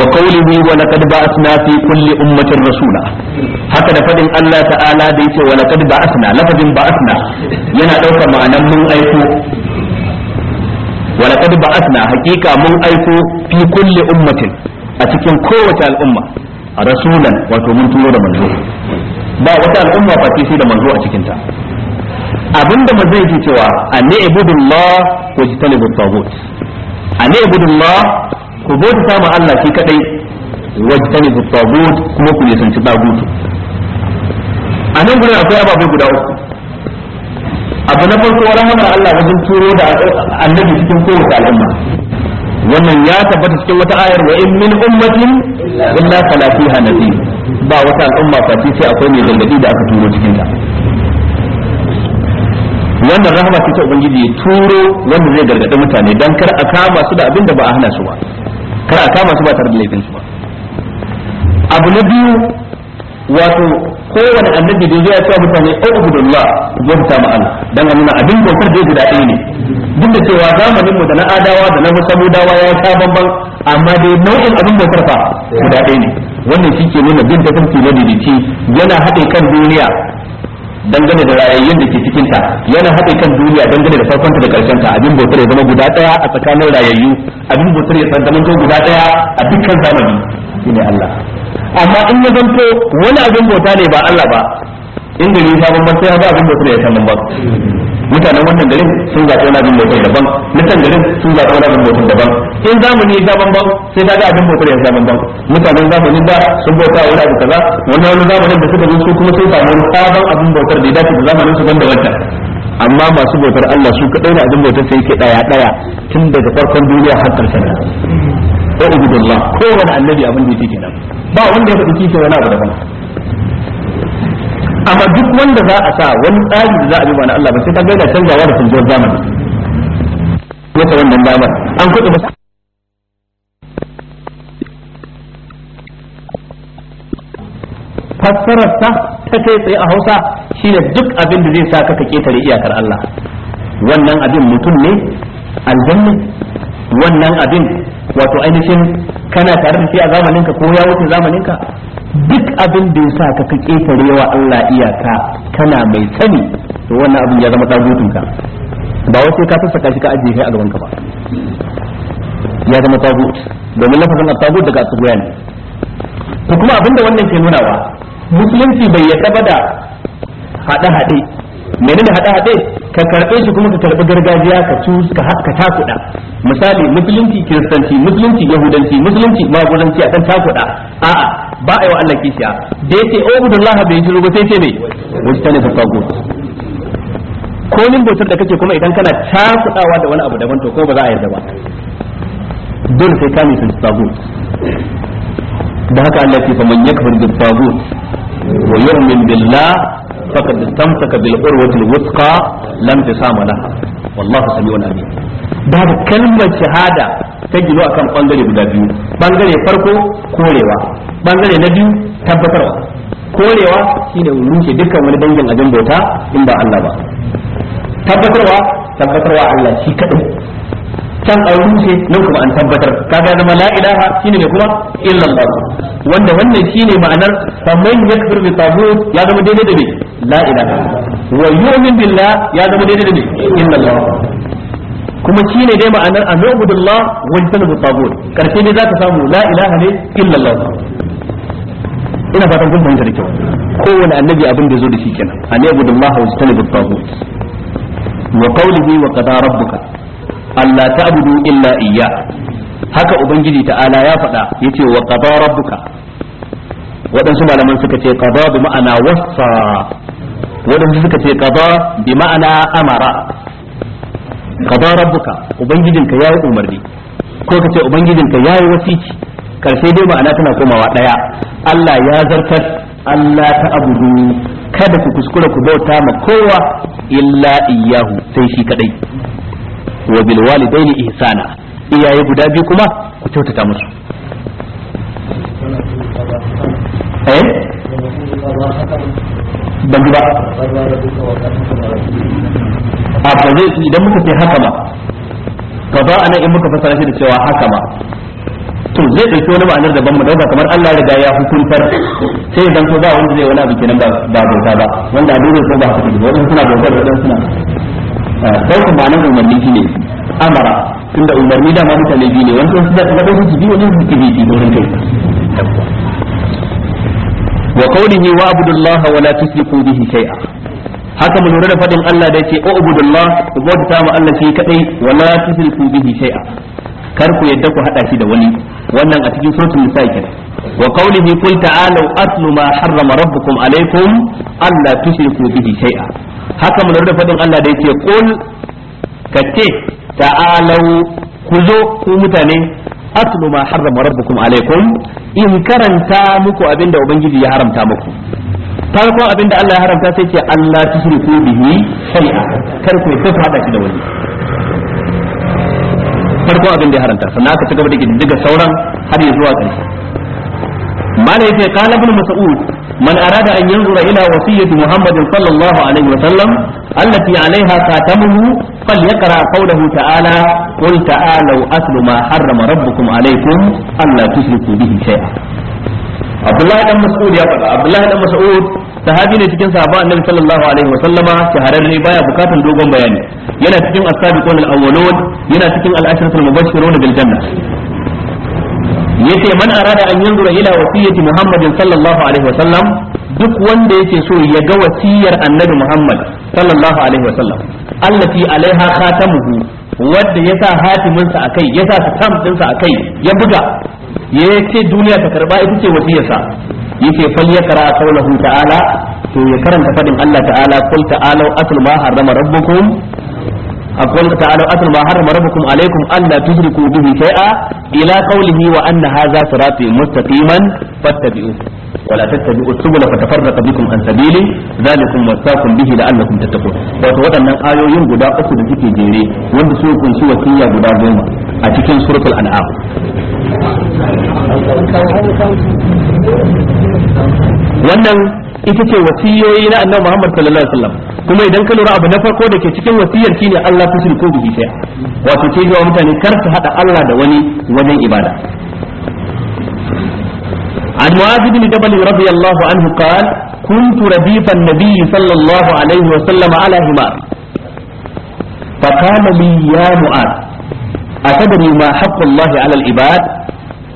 Speaker 1: wa qawlihi wa laqad ba'athna fi kulli ummatin rasula haka da faɗin Allah ta'ala da yake wa laqad ba'athna lafazin ba'athna yana daukar ma'anan mun aiko wa laqad ba'athna hakika mun aiko fi kulli ummatin a cikin al'umma wato mun turo da ba wata al'umma face sai da manzo a cikinta abinda ba zai ji cewa anni ibudullah wa jitalibut tagut anni ibudullah ku bauta ma Allah shi kadai wajen bi tagut kuma ku nisanci tagut a nan gudun akwai ababai guda uku abu na farko rahamar Allah wajen turo da annabi cikin kowace al'umma wannan ya tabbata cikin wata ayar wa in min ummatin illa salatiha nabi ba wata al'umma fati sai akwai mai gargadi da aka turo cikin ta wannan rahama ce ta ubangiji ya turo wanda zai gargaɗi mutane don kar a kama su da abin da ba a hana su ba kar a kama su ba tare da laifin su ba abu na biyu wato kowane annabi da zai cewa mutane ubudullah ku bauta ma Allah dan nuna abin bautar da guda ɗaya ne duk da cewa zamanin mu da na adawa da na musamudawa ya ta bamban amma dai nau'in abin bautar fa guda ɗaya ne wannan shi ke nuna bin tafarki na diditi yana haɗe kan duniya dangane da rayayyun da ke cikin ta yana haɗe kan duniya dangane da farkon da karshen ta abin bautar ya zama guda daya a tsakanin rayayyu abin bautar ya zama guda daya a dukkan zamani shine Allah amma in ya zanto wani abin bauta ne ba Allah ba in gari sabon ban sai ba abin bautar ya san ba mutanen wannan garin sun zaɓi wani abin bautar daban na garin sun zaɓi wani abin bautar daban in zamani ya zaɓen ban sai ka ga abin bautar ya zaɓen ban mutanen zamani da sun bauta wani abu kaza wannan wani zamanin da suka zo su kuma sun samu sabon abin bautar da ya dace da zamanin su ban da wata amma masu bautar Allah su kaɗai ne abin bautar sai ke ɗaya ɗaya tun daga farkon duniya har da ko ubudullah kowane annabi abin da yake nan ba wanda ya faɗi kike wani abu daban amma duk wanda za a sa wani tsari da za a bi ba na Allah ba sai ka ga canzawa da canzuwar zamani
Speaker 2: wata wannan damar an kuɗi ba
Speaker 1: fassararsa ta kai tsaye a hausa shine duk abin da zai sa ka ketare iyakar Allah wannan abin mutum ne aljanna wannan abin wato ainihin kana tare da shi a zamaninka ko ya wuce zamaninka duk abin da ya sa ka ka ƙetare wa Allah iyaka kana mai sani to wannan abin ya zama tagutun ka ba wai sai ka saka shi ka ajiye kai a gaban ka ba ya zama tagut domin lafazin at-tagut daga at-tughyan ne to kuma abin da wannan ke nunawa musulunci bai yadda da hade-hade menene hada hade ka karbe shi kuma ka karbi gargajiya ka ci ka haska kuɗa. misali musulunci kiristanci musulunci yahudanci musulunci magudanci akan a a'a ba a yi wa Allah kishiya da yace ubudullaha bai shiru ba sai wajen ta wajtani fa Ko komin bautar da kake kuma idan kana ta takudawa da wani abu daban to ko ba za a yarda ba dole sai ka nisan tagut da haka Allah ke ce faman yakfur bi tagut wa yu'min billah faqad istamsaka bil urwati wuthqa lam tasama laha wallahu sami'un alim babu kalmar shahada ta gino akan bangare guda biyu bangare farko korewa bangare na biyu tabbatarwa korewa shine rushe dukkan wani dangin abin bauta in ba Allah ba tabbatarwa tabbatarwa Allah shi kadai can an rushe nan kuma an tabbatar kaga zama la ilaha shine ne kuma illallah wanda wannan shine ma'anar fa man yakfur bi tagut ya zama daidai da me la ilaha wa yu'min billah ya zama daidai da me illallah kuma shine dai ma'anar anabudullah wa tanabu tagut karshe ne zaka samu la ilaha ne illallah ina fatan kun fahimta da kyau kowane annabi abin da zo da shi kenan anabudullah wa tanabu tagut wa qawlihi wa qada rabbuka Allah ta ta'budu illa iya haka ubangiji ta'ala ya faɗa ya ce wa qada rabbuka waɗansu malaman suka ce qada bi ma'ana wasa waɗansu suka ce qada bi ma'ana amara qada rabbuka ubangijinka yayi umarni ko ka ce ubangijinka ya yayi wasici karshe dai ma'ana tana komawa ɗaya Allah ya zartar Allah ta abudu kada ku kuskura ku bauta ma kowa illa iyyahu sai shi kaɗai. wa bil walidaini ihsana iyaye guda biyu kuma ku kyautata musu
Speaker 2: eh ban ji ba a ba zai idan muka ce haka ba
Speaker 1: ka ba a in muka fassara shi da cewa haka ba to zai dauki wani ma'anar daban mu dauka kamar Allah ya riga ya hukuntar sai dan ko za wanda zai wani abu kenan ba ba ba wanda a dole ko ba haka ba wanda suna bautar da suna Ah, daukan ma'anar umarni shine amara tunda umarni dama mutane biyu ne wani sun da kuma daukan su biyu wani su ki biyu wurin kai wa qawlihi wa abudullah wa la tusriku bihi shay'a haka mu lura da fadin Allah da yake ubudullah ku bauta ma Allah shi kadai wa la tusriku bihi shay'a kar ku yadda ku hada shi da wani wannan a cikin suratul nisa kenan wa qawlihi qul ta'alu atlu ma harrama rabbukum alaykum alla tushriku bihi shay'a haka mu da fadin Allah da yake kul ka ce ta'alau ku zo ku mutane atlu ma harrama rabbukum alaikum in karanta muku abinda ubangiji ya haramta muku farko abinda Allah ya haramta sai ce Allah tushriku bihi shay'a kar ku tafi hada shi da wani farko abinda ya haramta sannan aka ci gaba da daga sauran har ya zuwa ƙarshe mala yace qala ibn mas'ud man arada an yanzura ila wasiyyati muhammadin sallallahu alaihi wa sallam allati alaiha khatamuhu falyaqra qawluhu ta'ala qul ta'alu atlu ma harrama rabbukum alaikum alla tushriku bihi shay'a Abdullahi dan Mas'ud ya faɗa Abdullahi dan Mas'ud sahabi ne cikin sahaba annabi sallallahu alaihi wa sallama shahararre baya bukatan dogon bayani yana cikin as-sabiqun al-awwalun yana cikin al-ashratul mubashshirun bil janna yace man arada an yanzura ila wasiyyati muhammadin sallallahu alaihi wasallam duk wanda yake so ya ga wasiyar annabi muhammad sallallahu alaihi wasallam allati alaiha khatamuhu wanda ya sa hatimin sa akai ya sa tam din sa akai ya buga ya ce duniya ta karba ita ce wasiyarsa yace fal yakra qawluhu ta'ala to ya karanta fadin Allah ta'ala qul ta'alu atlu ma harrama rabbukum أقول تعالى أتل ما حرم ربكم عليكم ألا تشركوا به شيئا إلى قوله وأن هذا صراطي مستقيما فاتبعوه ولا تتبعوا السبل فتفرق بكم عن سبيلي ذلكم وصاكم به لعلكم تتقون wato waɗannan ayoyin guda uku da suke jere wanda su kunshi wasiya guda goma a cikin suratul an'am wannan ita ce wasiyoyi na annabi Muhammad sallallahu alaihi wasallam kuma idan ka lura abu na farko da ke cikin wasiyar shine Allah tusriku bihi shay'a wato ce ga mutane kar su hada Allah da wani wajen ibada عن معاذ بن جبل رضي الله عنه قال كنت رديف النبي صلى الله عليه وسلم على حمار فقال لي يا معاذ أتدري ما حق الله على العباد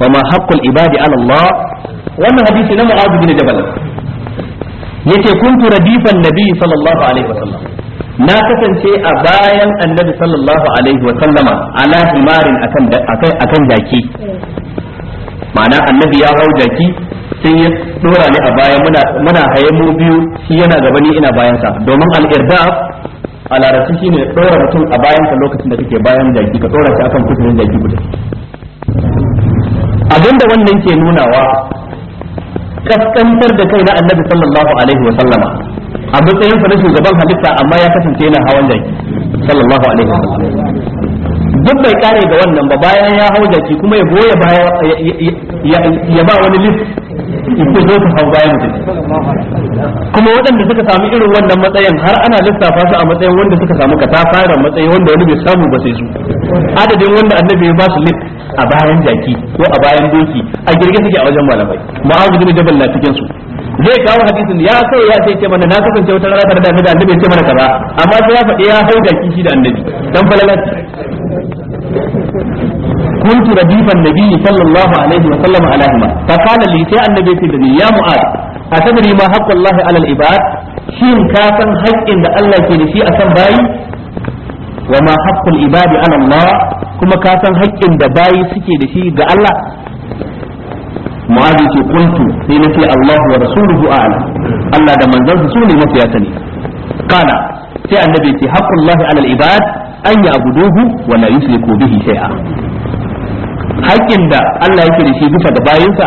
Speaker 1: وما حق العباد على الله wannan hadisi na Mu'adh bin yace kuntu radifan nabi sallallahu alaihi wasallam na kasance a bayan annabi sallallahu alaihi wasallama ala himarin akan akan jaki ma'ana annabi ya hau jaki sai ya dora ni a baya muna muna haye mu biyu shi yana gaba ni ina bayan sa domin al-irdaf a larabci shine dora mutum a bayan sa lokacin da kake bayan jaki ka dora shi akan kusurin jaki guda abinda wannan ke nunawa kaskantar da kai na annabi sallallahu alaihi wa sallama a matsayin sa na shugaban halitta amma ya kasance yana hawan jaki sallallahu alaihi wa sallama duk bai kare da wannan ba bayan ya hau jaki kuma ya goya baya ya ba wani list ita zo ta hau bayan da kuma waɗanda suka samu irin wannan matsayin har ana lissafa su a matsayin wanda suka samu fara matsayi wanda wani bai samu ba sai su adadin wanda annabi ya ba su lif a bayan jaki ko a bayan doki a girgin suke a wajen malamai ma'azu bin jabal na cikin su zai kawo hadisin ya sai ya ce mana na kasance wata rana tare da annabi annabi ce mana kaza amma sai ya faɗi ya hau jaki shi da annabi dan falalati كنت رديف النبي صلى الله عليه وسلم عليهما فقال لي سي النبي تدري يا معاذ أتدري ما حق الله على العباد شين كافن حق إن الله كي شيء أكن باي وما حق العباد على الله كما كافن حق إن باي سكي دشي الله معاذ يقول قلت سينتي الله ورسوله أعلم الله ده من ذنب سوني مسياتني قال سي النبي حق الله على العباد أن يعبدوه ولا يشركوا به شيئا hakkin da Allah yake da shi bisa da bayinsa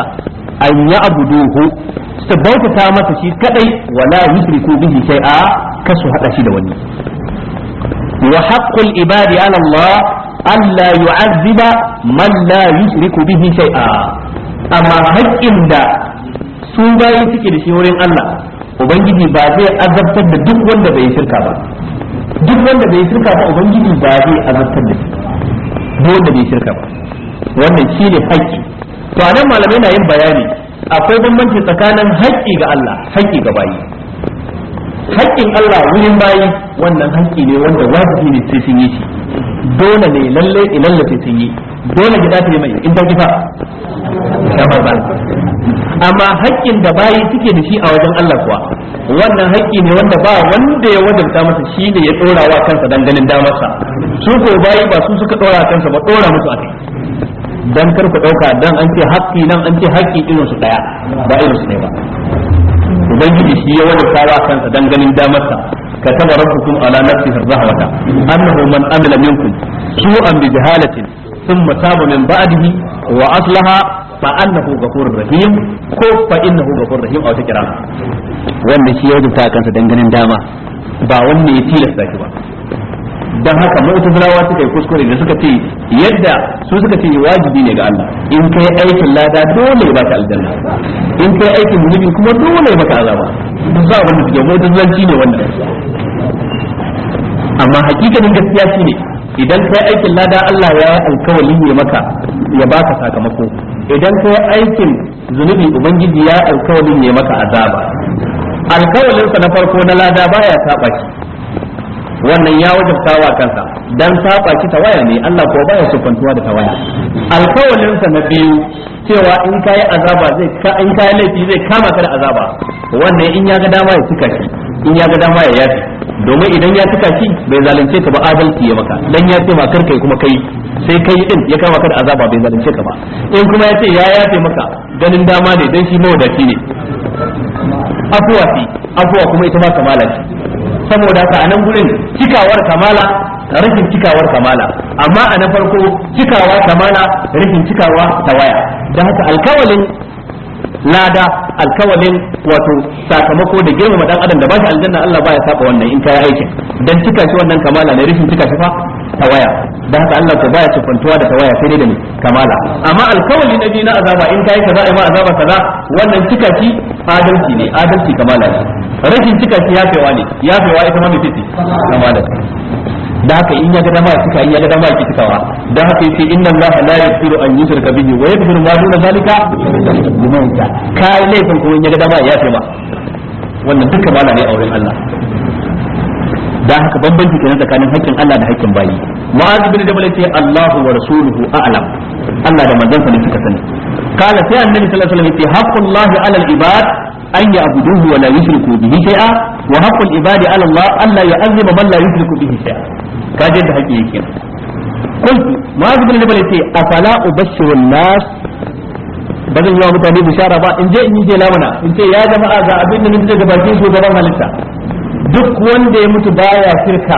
Speaker 1: an ya abuduhu su bautata masa shi kadai wala yushriku bihi shay'a kasu hada shi da wani wa haqqul ibadi ala Allah alla yu'azziba man la yushriku bihi shay'a amma haƙƙin da su bayi suke da shi wurin Allah ubangiji ba zai azabtar da duk wanda bai shirka ba duk wanda bai shirka ba ubangiji ba zai azabtar da shi duk wanda bai shirka ba wannan shi ne haƙƙi to a nan malamai na yin bayani akwai bambanci tsakanin haƙƙi ga Allah haƙƙi ga bayi haƙƙin Allah wurin bayi wannan haƙƙi ne wanda wajibi ne sai sun yi shi dole ne lalle ilan sai sun yi dole gida ta yi mai in ta kifa amma haƙƙin da bayi suke da shi a wajen Allah kuwa wannan haƙƙi ne wanda ba wanda ya wajabta masa shi ne ya ɗora wa kansa danganin damarsa su ko bayi ba su suka ɗora kansa ba ɗora musu a kai dan kar ku dauka dan an ce haƙƙi nan an ce haƙƙi irin su daya ba irin su ne ba ubangiji shi ya wada kara kansa dan ganin damarsa ka taba rabbukum ala nafsi rahmata annahu man amila minkum su'an bi jahalatin thumma taba min ba'dihi wa aslaha fa annahu ghafurur rahim ko fa innahu ghafurur rahim a wata kira wanda shi ya wada kansa dan ganin dama ba wanda ya tilasta ki ba dan haka mu'tazilawa suka yi kuskure da suka ce yadda su suka ce wajibi ne ga Allah in kai aikin lada dole ba ka aljanna in kai aikin zunubi kuma dole ba ka azaba duk za wanda suke zanci ne wannan amma hakikanin gaskiya shine idan kai aikin lada Allah ya yi alkawali ne maka ya baka sakamako idan kai aikin zunubi ubangiji ya alkawalin ne maka azaba alkawalinsa na farko na lada baya saba shi wannan ya wajabtawa kansa dan saba shi tawaya ne Allah ko baya kwantuwa da tawaya Alkawalinsa sa na biyu cewa in kai azaba zai ka in kai laifi zai kama ka da azaba wannan in ya ga dama ya cika shi in ya ga dama ya yafi domin idan ya cika shi bai zalunce ka ba adalci ya maka dan ya ce ma karkai kuma kai sai kai din ya kama ka da azaba bai zalunce ka ba in kuma ya ce ya yafe maka ganin dama ne dan shi mawadaci ne afuwa fi afuwa kuma ita ma kamala ce saboda ka anan gurin cikawar kamala rashin cikawar kamala amma a na farko cikawa kamala rashin cikawa ta waya da haka alkawalin lada alkawalin wato sakamako da girmama dan adam da ba shi aljanna Allah baya saba wannan in kai aikin dan cika shi wannan kamala ne rashin cika shi fa tawaya da haka Allah ko baya cikuntuwa da tawaya sai dai da ne kamala amma alkawali na biyu na azaba in kai kaza ai ma azaba kaza wannan cikaki adalci ne adalci kamala ne rashin cikaki yafewa ne yafewa ita ma mutunci kamala da haka in ya ga dama cika in ya ga dama ki cikawa Da haka sai inna allaha la yaghfiru an yushraka bihi wa yaghfiru ma duna zalika liman yasha kai laifin kuma in ya ga dama ya ce ma wannan duka bala ne auren Allah da haka bambanci kenan tsakanin haƙƙin Allah da haƙƙin bayi mu'az bin jabal yace Allahu wa rasuluhu a'lam Allah da manzon sa ne suka sani kala sai annabi sallallahu alaihi wasallam yace haqqullahi 'alal ibad an ya'buduhu wa la yushriku bihi shay'a wa haqqul ibadi 'ala Allah alla yu'azziba man la yushriku bihi shay'a kaje da haƙƙi yake قلت معاذ بن جبل يتي أفلا أبشر الناس ba zan yi wa mutane bishara ba in je in yi je lamana in ce ya jama'a ga abin da nake da bakin shugaban halitta duk wanda ya mutu baya shirka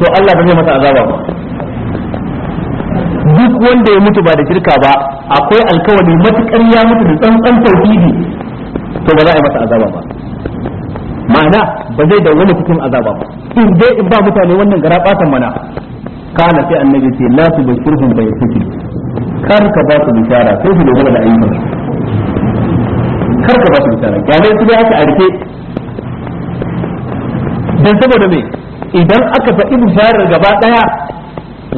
Speaker 1: to Allah ba zai masa azaba ba duk wanda ya mutu ba da shirka ba akwai alkawari matukar ya mutu da tsantsan tauhidi to ba za a yi masa azaba ba ma'ana ba zai dawwama cikin azaba ba in dai in ba mutane wannan gara batan mana kana sai annabi ce la tu bashirhum bi yasiki kar ka ba su bishara sai su dogara da ayyukan kar ka ba su bishara kyale su dai aka arke dan saboda me idan aka faɗi bisharar gaba ɗaya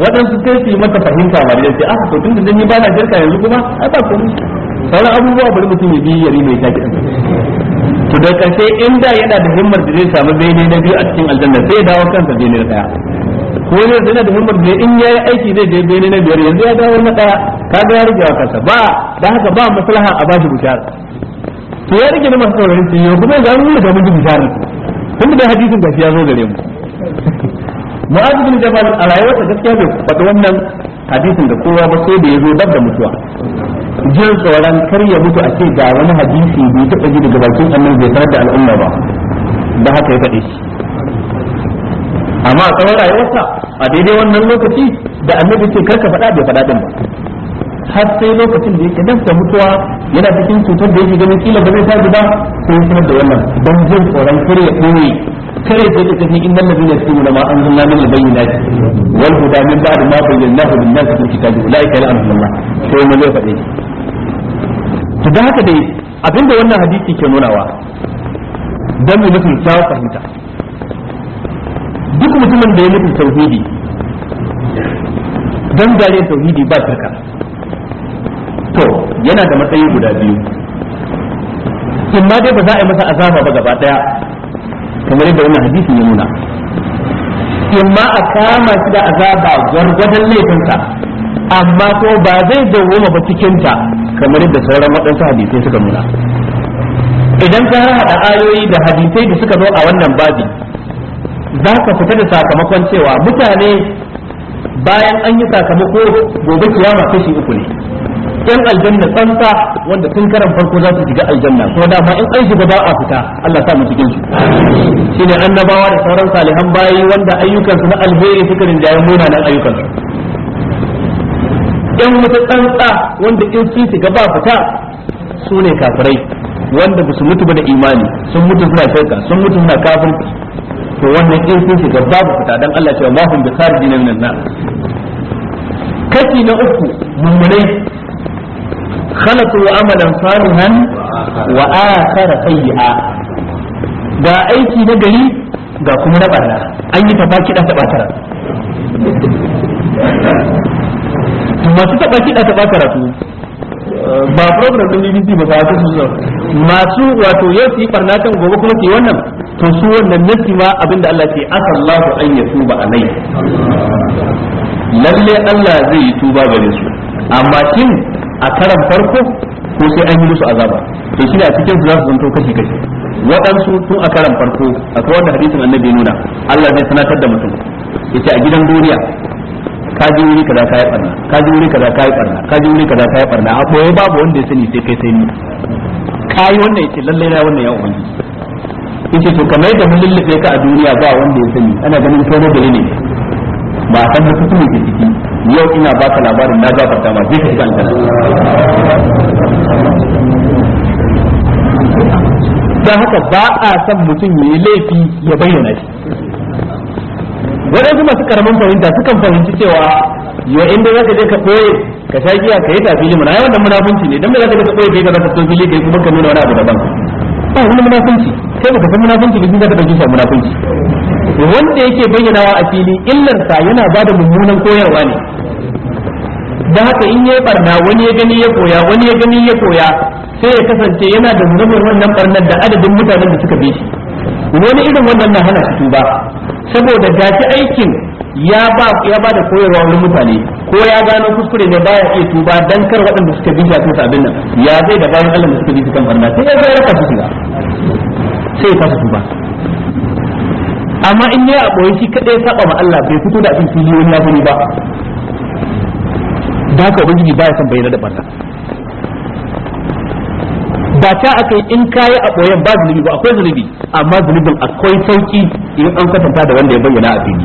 Speaker 1: waɗansu sai su yi mata fahimta ba da ce aka to tunda dan ni ba na shirka yanzu kuma ai ba komai sauran abubuwa bari mutum ya biyi yari mai shaki to da karshe inda yana da himmar da zai samu daidai na biyu a cikin aljanna sai dawo kansa daidai na daya ko ne yana da himmar da in yayi aiki zai je daidai na biyar yanzu ya dawo na daya kaga ya rage wa kansa ba da haka ba maslaha a ba shi bishara to ya rage na masu sauraron su yau kuma ya zama mun da mun ji bisharar tunda da hadisin gashi ya zo gare mu mu'adh bin jabal a rayuwarsa gaskiya bai faɗi wannan hadisin da kowa ba sai da ya zo dab da mutuwa jin tsoron kar ya mutu a ce ga wani hadisi bai taɓa ji daga bakin annabi bai sanar da al'umma ba da haka ya fade shi amma a tsawon rayuwarsa a daidai wannan lokaci da annabi ce ka fada bai faɗa din ba har sai lokacin da yake dafta mutuwa yana cikin cutar da yake ganin kila ba zai sa gida sai kuma da wannan dan jin tsoron kare ya koyi kare sai da cikin innal ladina yasmuna ma zanna min albayyinat wal huda min ba'd ma bayyanahu lin nas fil kitabi ulaika Allah sai mun ne dai. to da haka dai abinda wannan hadisi ke nunawa dan mu mutum ta fahimta duk mutumin da ya mutum tauhidi dan gare tauhidi ba shirka to yana da matsayi guda biyu in ma dai ba za a yi masa azaba ba gaba daya kamar yadda wannan hadisi ya nuna in ma a kama shi da azaba gwargwadon laifinsa amma ko ba zai dawoma ba cikin ta kamar yadda sauran waɗansu hadisai suka nuna idan ka haɗa ayoyi da hadisai da suka zo a wannan babi za ka fita da sakamakon cewa mutane bayan an yi sakamako gobe kiyama kashi uku ne yan aljanna tsantsa wanda tun karan farko za su shiga aljanna kuma dama in an shiga ba a fita Allah sa mu cikin su shine annabawa da sauran salihan bayi wanda ayyukan su na alheri suka rinjaye munanan ayyukan su yan wuta tsantsa wanda in sun shiga ba fita su ne kafirai wanda ba su mutu ba da imani sun mutu suna shaika sun mutu suna kafin to wannan in sun shiga babu fita dan Allah cewa mahum bi kharijin nan na. kashi na uku mummunai khalaqu عملا صالحا واخر سيئا sayyi'a ga aiki na gari ga kuma na barna an yi tafa kiɗa ta bakara masu taɓa kiɗa ta bakara su ba program din BBC ba ba su zuwa masu wato yau su yi barna kan gobe kuma su wannan to su wannan nasi ma abinda Allah ke asallahu an yi tuba alai lalle Allah zai yi tuba gare su amma kin. a karan farko ko sai an yi musu azaba to shi ne a cikin su za su zanto kashi kashi waɗansu tun a karan farko akwai wanda hadisin annabi nuna Allah zai sanatar da mutum ce a gidan duniya ka ji wuri kaza ka yi barna ka ji wuri kaza ka yi barna ka ji wuri kaza ka yi barna a boye babu wanda ya sani sai kai sai ni ka yi wannan yace lallai na wannan ya ubangiji yake to kamar yadda mun lullube ka a duniya ba wanda ya sani ana ganin kai na ne ba san hukuncin da ke ciki yau ina ka labarin na gafarta ma zai ka shiga aljanna don haka ba a san mutum ya yi laifi ya bayyana shi waɗansu masu karamin fahimta sukan fahimci cewa yau inda za ka je ka ɓoye ka sha giya ka yi tafi limana yawan da munafunci ne don ba za ka je ka ɓoye ka yi gaba ka fili ka yi kuma ka nuna wani abu daban ba wani munafunci kai ka san munafunci ba kin za ka ɗauki shi munafunci wanda yake bayyanawa a fili illarsa yana bada mummunan koyarwa ne da haka in yayi barna wani ya gani ya koya wani ya gani ya koya sai ya kasance yana da zunubin wannan barnar da adadin mutanen da suka bi shi wani irin wannan na hana su ba saboda gashi aikin ya ba ya ba da koyarwa wani mutane ko ya gano kuskure ne baya iya tuba dan kar waɗanda suka bi shi a abin nan ya zai da bayan Allah da suka bi su kan barna sai ya ga raka su sai ya fasa tuba amma in ya boye shi kadai saba ma Allah bai fito da cikin fili ya labari ba da haka ubangiji baya san bayyana da barna ba ta yi in kayi a boyen ba zunubi ba akwai zunubi amma zunubin akwai sauki in an kwatanta da wanda ya bayyana a fili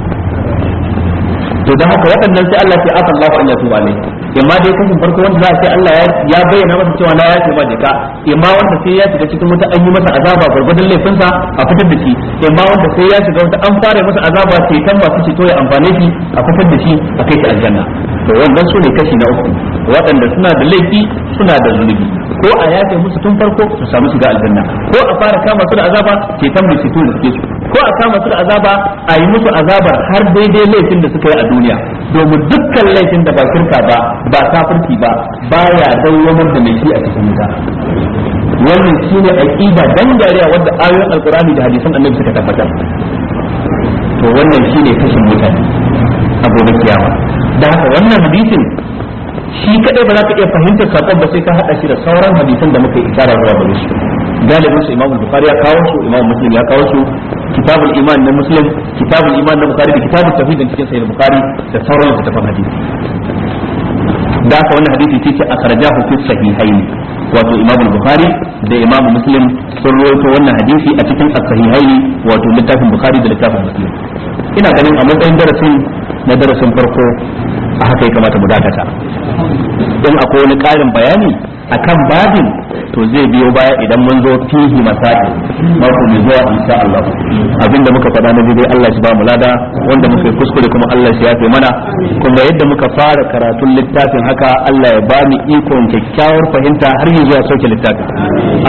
Speaker 1: to dan haka waɗannan sai Allah ya afa Allah an tuba alaihi imma dai kashin farko wanda za a ce Allah ya bayyana masa cewa na ce ba jika imma wanda sai ya shiga cikin wata an yi masa azaba gurgurdan laifinsa a fitar da shi imma wanda sai ya shiga wata an fara masa azaba sai kan masu ceto ya amfane shi a fitar da shi a kai shi aljanna to wannan su ne kashi na uku waɗanda suna da laifi suna da zunubi ko a yafe musu tun farko su samu shiga aljanna ko a fara kama su da azaba ke kan mai situ da suke ko a kama su da azaba a yi musu azabar har daidai laifin da suka yi a duniya domin dukkan laifin da ba kirka ba ba kafirki ba baya dawwamar da mai shi a cikin wuta wannan shi ƙiba aqida dangariya wadda ayoyin alƙur'ani da hadisan annabi suka tabbatar to wannan shi ne kashin mutane a gobe kiyama da haka wannan hadisin shi kadai ba za ka iya fahimtar sakon ba sai ka hada shi da sauran hadisan da muka yi isara zuwa gare shi. galibin su imamu bukhari ya kawo su imamu muslim ya kawo su kitabul iman na muslim kitabul iman na bukhari da kitabul tafsir da cikin Sayyid bukhari da sauran littattafan hadisi da haka wannan hadisi ce ce akhrajahu fi sahihaini wato imamu bukhari da imamu muslim sun rawaito wannan hadisi a cikin as-sahihaini wato littafin bukhari da littafin muslim ina ganin a matsayin darasin na darasin farko a haka ya kamata mu dakata in akwai wani ƙarin bayani a akan babin to zai biyo baya idan mun zo fihi masai mako mai zuwa insha Allah abinda muka faɗa na dai Allah shi ba mu lada wanda muka yi kuskure kuma Allah shi yafe mana kuma yadda muka fara karatun littafin haka Allah ya bani ikon kyakkyawar fahimta har yi zuwa soke littafin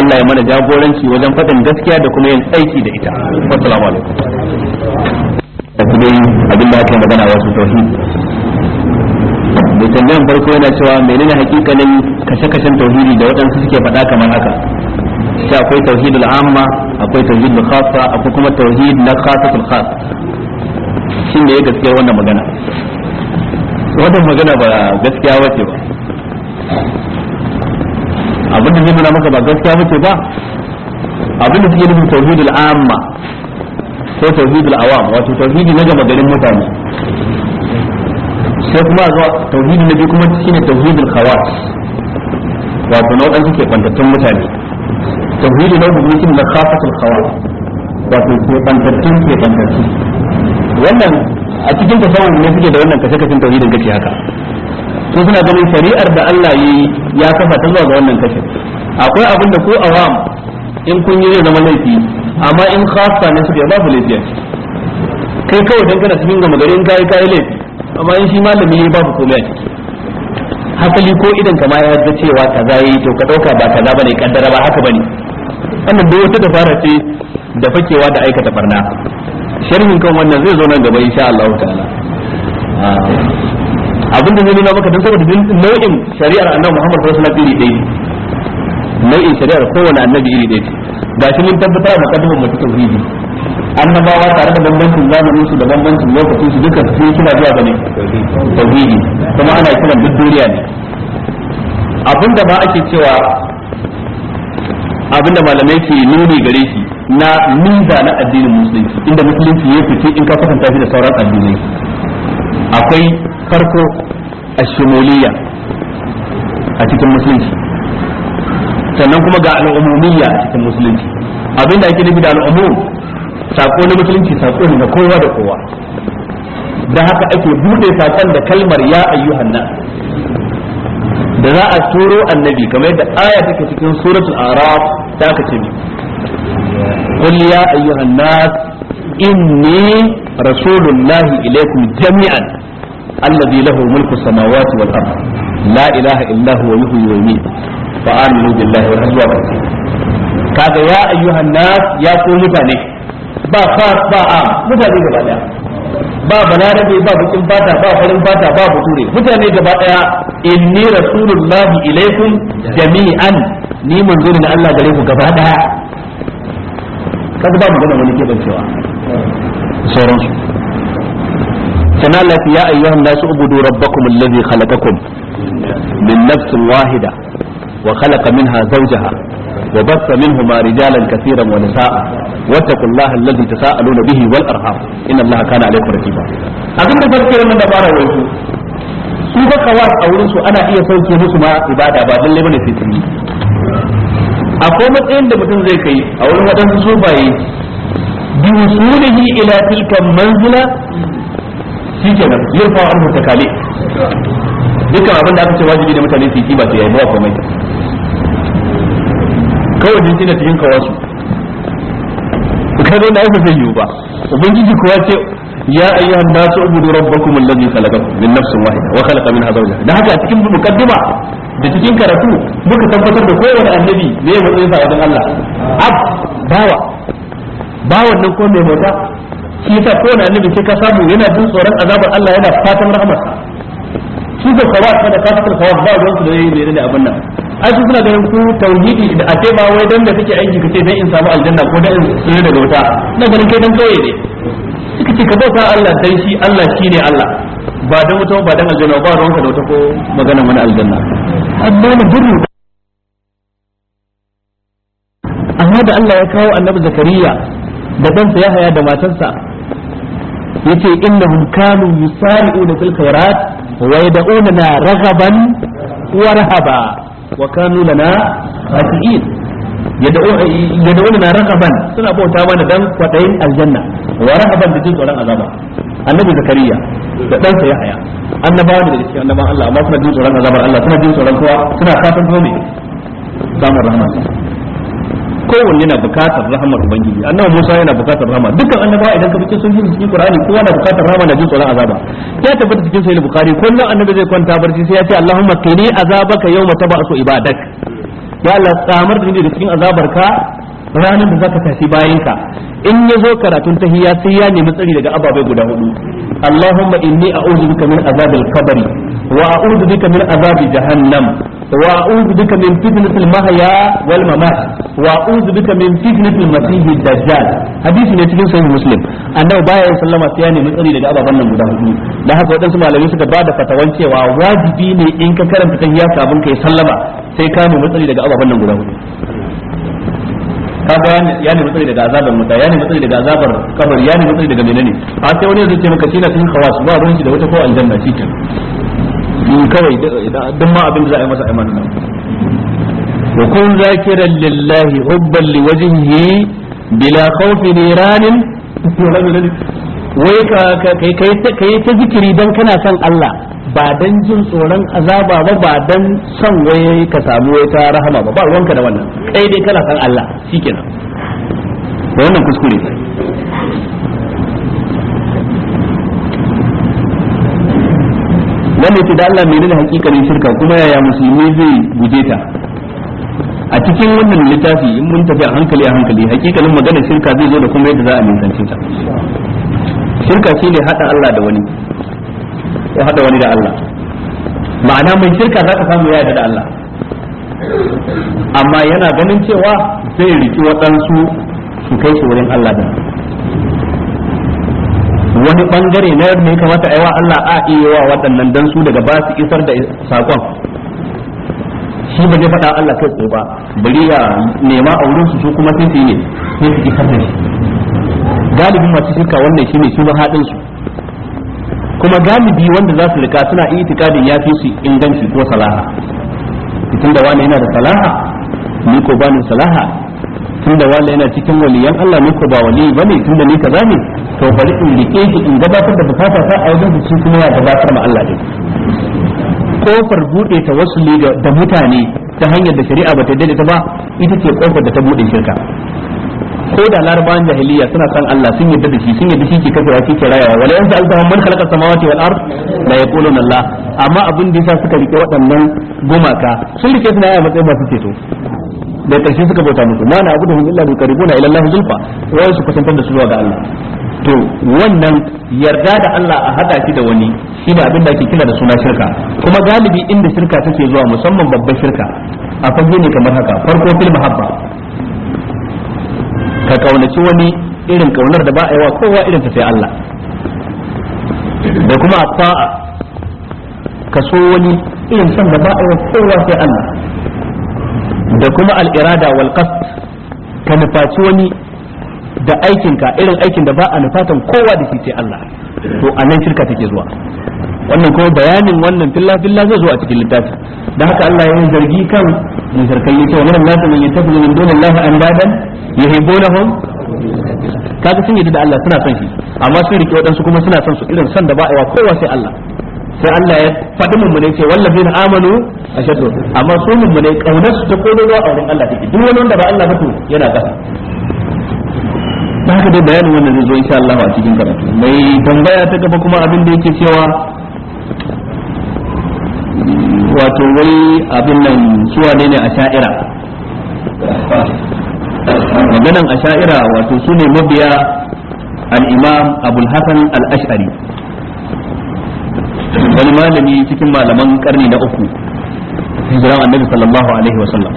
Speaker 1: Allah ya mana jagoranci wajen faɗin gaskiya da kuma yin aiki da ita assalamu alaikum da su abin da aka magana wasu tauhid mai tambayan farko yana cewa menene hakikanin kashe-kashen tauhidi da waɗansu suke faɗa kamar haka sai akwai tauhidul amma akwai tauhidul khassa akwai kuma tauhid na khassatul khass shin da ya gaskiya wannan magana wannan magana ba gaskiya wace ba abin da zai nuna maka ba gaskiya wace ba abin da suke nufin tauhidul amma ko tauhidul awam wato tauhidi na garin mutane sai kuma zuwa tauhidi na biyu kuma shine khawas wato na mutane tauhidi na uku shine na khawas wato ke ke wannan a cikin tasawuf ne suke da wannan tauhidin kace haka suna ganin shari'ar da Allah yayi ya kafa ta zuwa ga wannan akwai abin da ko awam in kun yi zama laifi amma in khassa ne suka babu laifi kai kawai dan kana cikin gama gari in kai kai laifi amma in shi malami ne babu komai hasali ko idan kama ya ga cewa za yi to ka dauka ba kaza bane kaddara ba haka bane wannan da wata dabara ce da fakewa da aikata barna sharhin kan wannan zai zo nan gaba insha Allah ta'ala ah. abin da nuna maka don saboda nau'in shari'ar annabi Muhammad sallallahu alaihi wasallam iri ɗaya nau'in shari'ar kowane annabi iri ɗaya ga shi mun tabbatar da kaddabar mu tauhidi annabawa tare da bambancin zamanin su da bambancin lokacin su duka su kira zuwa ga ne tauhidi kuma ana kiran duk duniya ne abinda ba ake cewa abinda malamai ke nuni gare shi na minza na addinin musulunci inda musulunci ya fice in ka kwatanta shi da sauran addinai akwai farko ashimoliya a cikin musulunci sannan kuma ga al'umumiyya a cikin musulunci abinda ake nufi da al'umum sako na musulunci sako ne na kowa da kowa da haka ake bude sakon da kalmar ya ayyuhan nas da za a turo annabi kamar yadda aya take cikin suratul araf ta ka ce qul ya ayyuhan nas inni rasulullahi ilaykum jami'an alladhi lahu mulku samawati wal ard la ilaha illa huwa yuhyi wa yumiit fa billahi wa kaga ya ayyuhan nas ya so mutane ba fa ba a mutane gaba daya ba balarabe ba bukin fata ba farin fata ba buture mutane gaba daya inni rasulullahi ilaikum jami'an ni manzo ne Allah gare ku gaba daya kaga ba magana wani ke bancewa sauransu sana lafiya ayyuhan nasu ubudu rabbakum alladhi khalaqakum min nafsin wahida وخلق منها زوجها وبث منهما رجالا كثيرا ونساء واتقوا الله الذي تساءلون به والارحام ان الله كان عليكم رقيبا abin da farko wannan dabara su su ga kawas a wurinsu ana iya sauke musu ma ibada ba lalle bane sai akwai matsayin da mutum zai kai a wurin wadansu sufaye bi usulihi ila tilka manzila shikenan yurfa anhu takali dukkan abin da aka ce wajibi da mutane su yi ba sai yayi ba komai kawai jinsi na cikin kawasu kaga na aka zai yiwu ba ubangiji kuwa ce ya ayyuhan nasu ubudu rabbakum allazi khalaqakum min nafsin wahida wa khalaqa minha zawjaha da haka cikin mukaddima da cikin karatu muka tabbatar da kowane annabi ne ya matsayi sa Allah ab bawa bawan nan ko mai mota shi yasa kowane annabi sai ka samu yana jin tsoron azabar Allah yana fatan rahmar shi da sawab kada ka fitar sawab ba ruwan su da yayi ne da abin nan ai suna ganin ku tauhidi da a ba wai dan da kake aiki kace dan in samu aljanna ko dan in tsira daga wuta na ganin kai dan kawai ne suka ce ka bauta Allah dai shi Allah shine Allah ba dan wuta ba dan aljanna ba ruwanka da wuta ko magana mana aljanna
Speaker 2: amma mu gudu
Speaker 1: amma da Allah ya kawo annabi zakariya da ɗansa ya haya da matarsa yace innahum kanu yusari'una fil khairat wa yad'una raghaban wa rahaba wa kanu lana khashi'in yad'una na raqaban suna bauta mana dan kwadayin aljanna wa raqaban da jin tsoron azaba annabi zakariya da dan yahaya annabawa da cikin annaban Allah suna jin tsoron azabar Allah suna jin tsoron kowa suna fatan kuma me samun kowanne na bukatar rahmar ubangiji annabi Musa yana bukatar rahama dukkan annabawa idan ka bi sun yi cikin Qur'ani kowa na bukatar rahama na jin tsoron azaba ya tabbata cikin sahih Bukhari kullum annabi zai kwanta barci sai ya ce Allahumma qini azabaka yawma tab'asu ibadak ya Allah tsamar da ni da cikin azabar ka. ranar da zaka tashi bayanka in ya zo karatun tahiyya sai ya nemi tsari daga ababai guda hudu Allahumma inni a'udhu bika min azabil qabri wa a'udhu bika min azabi jahannam wa a'udhu bika min fitnatil mahya wal mamat wa a'udhu bika min fitnatil masih dajjal hadisi ne cikin sahih muslim annabi baya yin sallama sai ya nemi tsari daga ababan nan guda hudu dan haka wadansu malamai suka ba da fatawan cewa wajibi ne in ka karanta tahiyya kafin kai sallama sai ka nemi tsari daga ababan nan guda hudu kaga ya nemi tsari daga azabar wuta ya nemi tsari daga azabar kabari ya nemi tsari daga menene a sai wani zai ce maka shi na cikin khawas ba ruwan shi da wata ko aljanna shi kenan in kawai duk ma abin da za a yi masa a imanin wa kun zakiran lillahi hubban liwajhihi bila khawfi niran wai ka kai ta zikiri dan kana son Allah ba dan jin tsoron azaba ba ba dan son wai ka samu wata rahama ba ba ruwanka da wannan kai dai kana son Allah shikenan wannan kuskure ne wannan da Allah menene hakikanin shirka kuma yaya musulmi zai guje ta a cikin wannan littafi in mun tafi a hankali a hankali hakikalin magana shirka zai zo da kuma yadda za a nisance ta shirka shine hada Allah da wani ya hada wani da Allah ma'ana mai shirka zaka samu ya da Allah amma yana ganin cewa zai riki waɗansu su kai shi wurin Allah da wani ɓangare na ne kamata a yi wa Allah a iya wa waɗannan dan su daga ba su isar da sakon shi ba zai faɗa Allah kai tsaye ba bari ya nema a wurin su su kuma sai su yi ne sai su isar da galibin masu shirka wannan shine shubha din su kuma galibi wanda za su rika suna itikadin ya fi su inganci ko salaha tun da wani yana da salaha ni ko ba ni salaha tun da wani yana cikin waliyan Allah ni ko ba wali bane tun da ni kaza ne to bari in rike shi in gabatar da bukata ta a wajen shi kuma ya gabatar ma Allah din kofar bude ta wasu da mutane ta hanyar da shari'a ba ta daidaita ba ita ce kofar da ta bude shirka ko da larabawan jahiliya suna san Allah sun yadda da shi sun yadda shi ke kafa ya ke rayawa wala yanzu alta man khalaqa samawati wal ard la yaqulun Allah amma abin da yasa suka rike waɗannan gumaka sun rike suna yaya matsayin masu ceto da karshe suka bauta musu ma na abudu illa bi qaribuna ila Allah zulfa wai su kusantar da su zuwa ga Allah to wannan yarda da Allah a hada shi da wani shi shine abin da ake kira da suna shirka kuma galibi inda shirka take zuwa musamman babbar shirka a fage ne kamar haka farko fil mahabba ka kaunaci wani irin kaunar da ba a yi wa kowa irin ta sai Allah da kuma ta'a ka so wani irin san da ba a yi wa kowa sai Allah da kuma al'irada wal qasd ka nufaci wani da aikinka irin aikin da ba a nufatan kowa da shi sai Allah to anan shirka take zuwa wannan kuma bayanin wannan filla filla zai zo a cikin littafin da haka Allah ya zargi kan mun zarkan yace wa maran nasu min yattakhidhu min dunillahi andadan yuhibbunahum kaga sun yadda da Allah suna son shi amma sun rike waɗansu kuma suna son su irin san da ba a kowa sai Allah sai Allah ya faɗi mummune ce wallazin amanu ashaddu amma su mummune ƙaunar su ta kodo a wurin Allah take duk wani wanda ba Allah ba yana ƙasa. da haka dai bayanin wannan zai zo insha Allah a cikin karatu mai tambaya ta gaba kuma abin da yake cewa wato wai abin nan suwa ne a sha'ira maganan a sha'ira wato su ne mabiya al'imam abul al'ashari wani malami cikin malaman karni na uku hijiran annabi sallallahu alaihi wasallam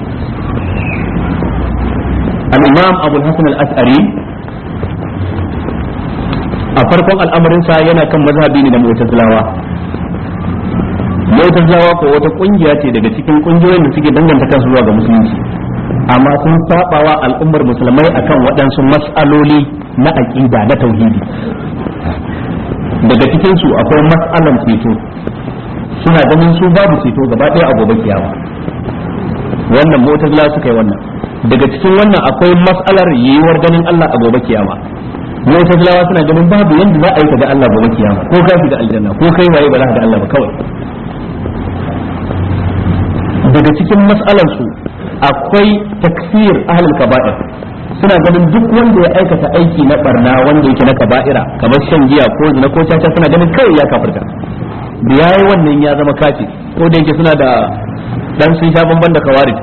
Speaker 1: al'imam abul al'ashari a farkon al'amarinsa yana kan mazhabi ne da Zulawa. mautazawa ko wata kungiya ce daga cikin kungiyoyin da suke danganta kansu zuwa ga musulunci amma sun sabawa al'ummar musulmai akan waɗansu mas'aloli na aqida na tauhidi daga cikin su akwai mas'alan ceto suna ganin su babu ceto gaba ɗaya a gobe kiyama wannan mu'tazila suka yi wannan daga cikin wannan akwai mas'alar yiwuwar ganin Allah a gobe kiyama mu'tazilawa suna ganin babu yanda za a yi ka ga Allah gobe kiyama ko kafi da aljanna ko kai waye ba za ka ga Allah ba kawai daga cikin mas'alansu akwai takfir ahlul kaba'ir suna ganin duk wanda ya aikata aiki na barna wanda yake na kaba'ira kamar shan giya ko na ko caca suna ganin kai ya kafirta da yayi wannan ya zama kafi ko da yake suna da dan sun sha bamban da kawarid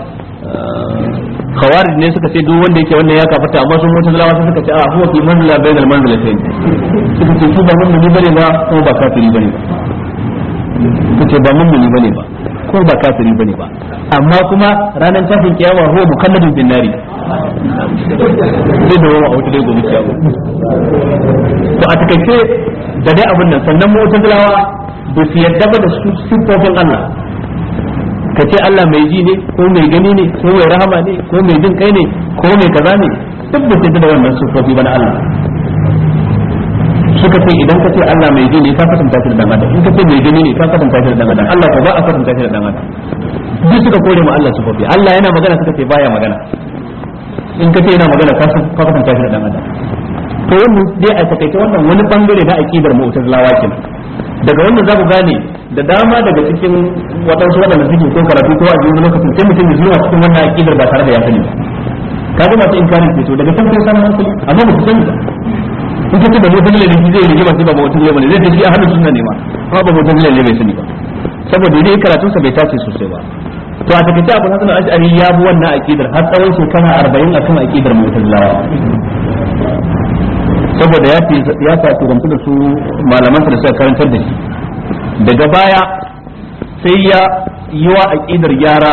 Speaker 1: eh, kawarid ne suka ce duk wanda yake wannan ya kafirta amma sun mutu lawa sun suka ce a huwa fi manzila bainal manzilatayn suka ce su ba mun ne bane ba ko ba kafiri bane ba kace ba mummuni bane ba ko ba kafiri bane ba amma kuma ranar tashin kiyama huwa mukalladun bin nari sai da wawa a wata dai gobe kiyama to a takaice da dai abin nan sannan mu'tazilawa ba su yadda ba da siffofin Allah ka ce Allah mai ji ne ko mai gani ne ko mai rahama ne ko mai jin kai ne ko mai kaza ne duk ba su yadda da wannan siffofi ba na Allah suka ce idan ka ce Allah mai jini ka kasanta shi da dan adam in ka ce mai jini ne ka kasanta shi da dan adam Allah ko ba a kasanta shi da dan adam duk suka kore mu Allah sufofi Allah yana magana suka ce baya magana in ka ce yana magana ka kasanta shi da dan adam to wannan dai a takaice wannan wani bangare da mu ta kenan daga wannan za ku gane da dama daga cikin wadansu wadanda suke ko karatu ko a jikin lokacin sai mutum ya zuwa cikin wannan akidar ba tare da ya sani ba kaga masu inkarin to daga sai sanan hankali amma ba su sani ba in ka ce ba mutum lalle shi zai rigima sai ba mutum lalle zai ce shi a hannun sunna ne ma amma ba mutum lalle bai sani ba saboda idan dai sa bai tace sosai ba to a takaice abu hasan al-ash'ari ya bi wannan aqidar har tsawon shekara 40 akan aqidar mu'tazilawa saboda ya fi ya fi gamsu da su malaman da suka karantar da shi daga baya sai ya yi wa aqidar gyara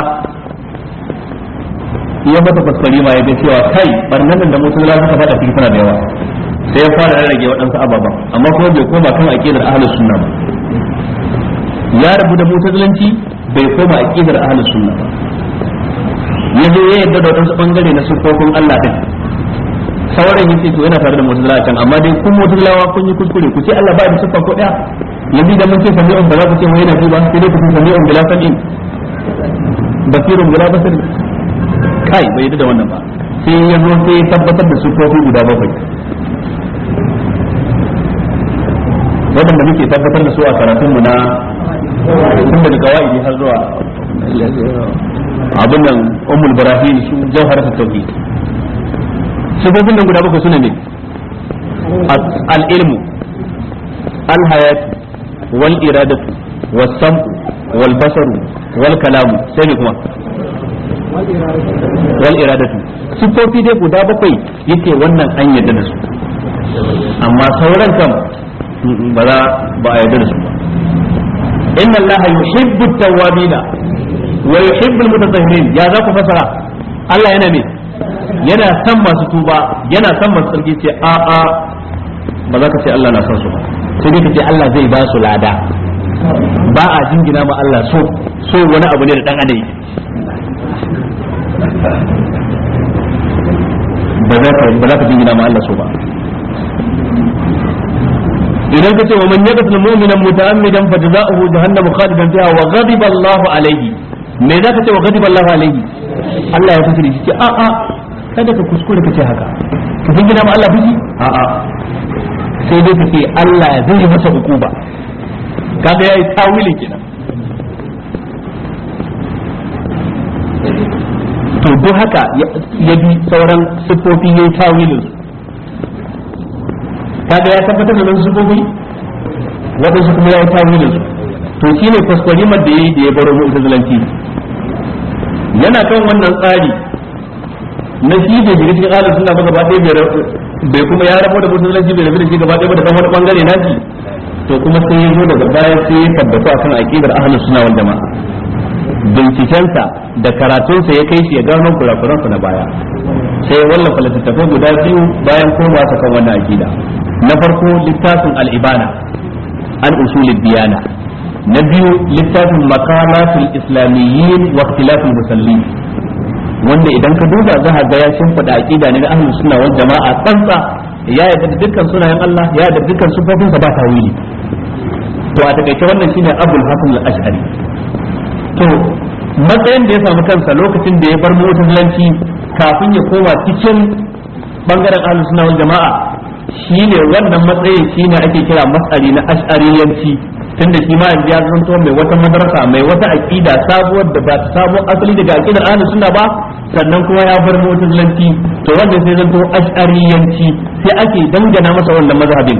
Speaker 1: ya mata fassari ma ya ga cewa kai barnan da mu'tazilawa suka fada cikin tana da yawa sai ya fara rage waɗansu ababen amma kuma bai koma kan aƙidar ahlus sunna ba ya rabu da mutazilanci bai koma aƙidar ahlus sunna ba ya zo ya yadda da waɗansu bangare na sukokin Allah din sauran yace to yana tare da mutazila can amma dai kun mutazilawa kun yi kuskure ku ce Allah ba da sufa ko daya yanzu da mun ce sami ba bala ku ce wai yana ji sai dai ku ce sami'un bila sab'in basirun bila basir kai bai yadda da wannan ba sai ya zo sai ya tabbatar da sukokin guda bakwai waɗanda muke tabbatar da su a karatun mu na tun daga kawai har zuwa abin nan umul barahin su jawhar ta tauhid sifofin nan guda bakwai suna ne al-ilmu al-hayat wal iradatu was sam wal basaru wal kalamu sai ne kuma wal iradatu sifofi dai guda bakwai yake wannan an yadda da su
Speaker 2: amma sauran kam
Speaker 1: ba za ba a yarda da su ba inna Allah yuhibbu tawwabina wa yuhibbu almutatahhirin ya za ku fasara Allah yana me yana san masu tuba yana san masu tsarki ce a ba za ka ce Allah na san su sai dai ka ce Allah zai basu lada ba a jingina ma Allah so so wani abu ne da dan adam ba ka jingina Allah so ba idan kace wa man yaqtul mu'minan muta'ammidan fa jazaohu jahannamu khalidan fiha wa ghadiba Allahu alayhi me za ka ce wa ghadiba Allahu alayhi Allah ya tafi shi a a kada ka kuskure ka ce haka ka jingina ma Allah biki a a sai dai kace Allah zai yi masa hukuba kaga yayi tawili kenan to don haka ya bi sauran siffofi yayi tawilin su kaga ya tabbatar da nan zubobi waɗansu kuma ya yi tawilin su to shi ne kwaskwarimar da ya yi da ya baro mu'tazilanci yana kan wannan tsari na shi da shiga cikin alin suna ba gaba ɗaya bai kuma ya rabo da mu'tazilanci bai rabu da shi gaba ɗaya ba da kan wani bangare na shi to kuma sai ya zo daga baya sai ya tabbatu akan aqidar ahlus sunna wal jama'a bincikensa da karatunsa ya kai shi ya gano kurakuransa na baya sai wallafa littattafai guda biyu bayan komawa ta kan wannan aƙida na farko littafin al an usulid biyana na biyu littafin makamatul islamiyyin wa musalli. wanda idan ka duba za ka ga ya shimfida aqida ne na ahlus sunna wal jama'a tsantsa ya yarda dukkan sunayen Allah ya yarda dukkan sifofin sa ba tawili to a takaice wannan shine Abdul hasan al-ash'ari to matsayin da ya samu kansa lokacin da ya bar mutazilanci kafin ya koma cikin bangaren ahlus sunna wal jama'a shine wannan matsayin shine ake kira matsari na ash'ariyanci tunda shi ma ya zanto mai wata madrasa mai wata aƙida sabuwar da ba ta samo asali daga aqidar ahli sunna ba sannan kuma ya bar mu'tazilanci to wanda sai zanto ash'ariyanci sai ake dangana masa wannan mazhabin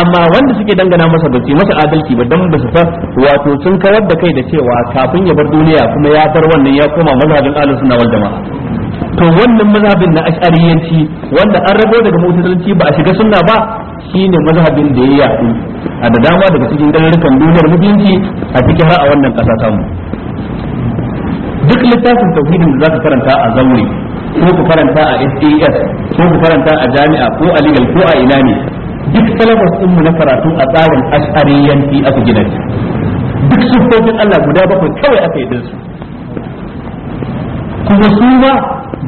Speaker 1: amma wanda suke dangana masa ba masa adalci ba dan ba su fa wato sun karar da kai da cewa kafin ya bar duniya kuma ya bar wannan ya koma mazhabin ahli suna wal jama'a to wannan mazhabin na ash'ariyanci wanda an rago daga mutazilanci ba a shiga sunna ba shine mazhabin da ya yaɗu a da dama daga cikin garurukan duniyar mutunci a cikin har a wannan ƙasa tamu duk littafin tauhidin da zaka karanta a zaure ko ku karanta a SAS ko ku karanta a jami'a ko a legal ko a ina ne duk salafas din mu na karatu a tsarin ash'ariyanci aka gina
Speaker 2: duk sufofin
Speaker 1: Allah guda bakwai kawai aka yi dinsu kuma su ba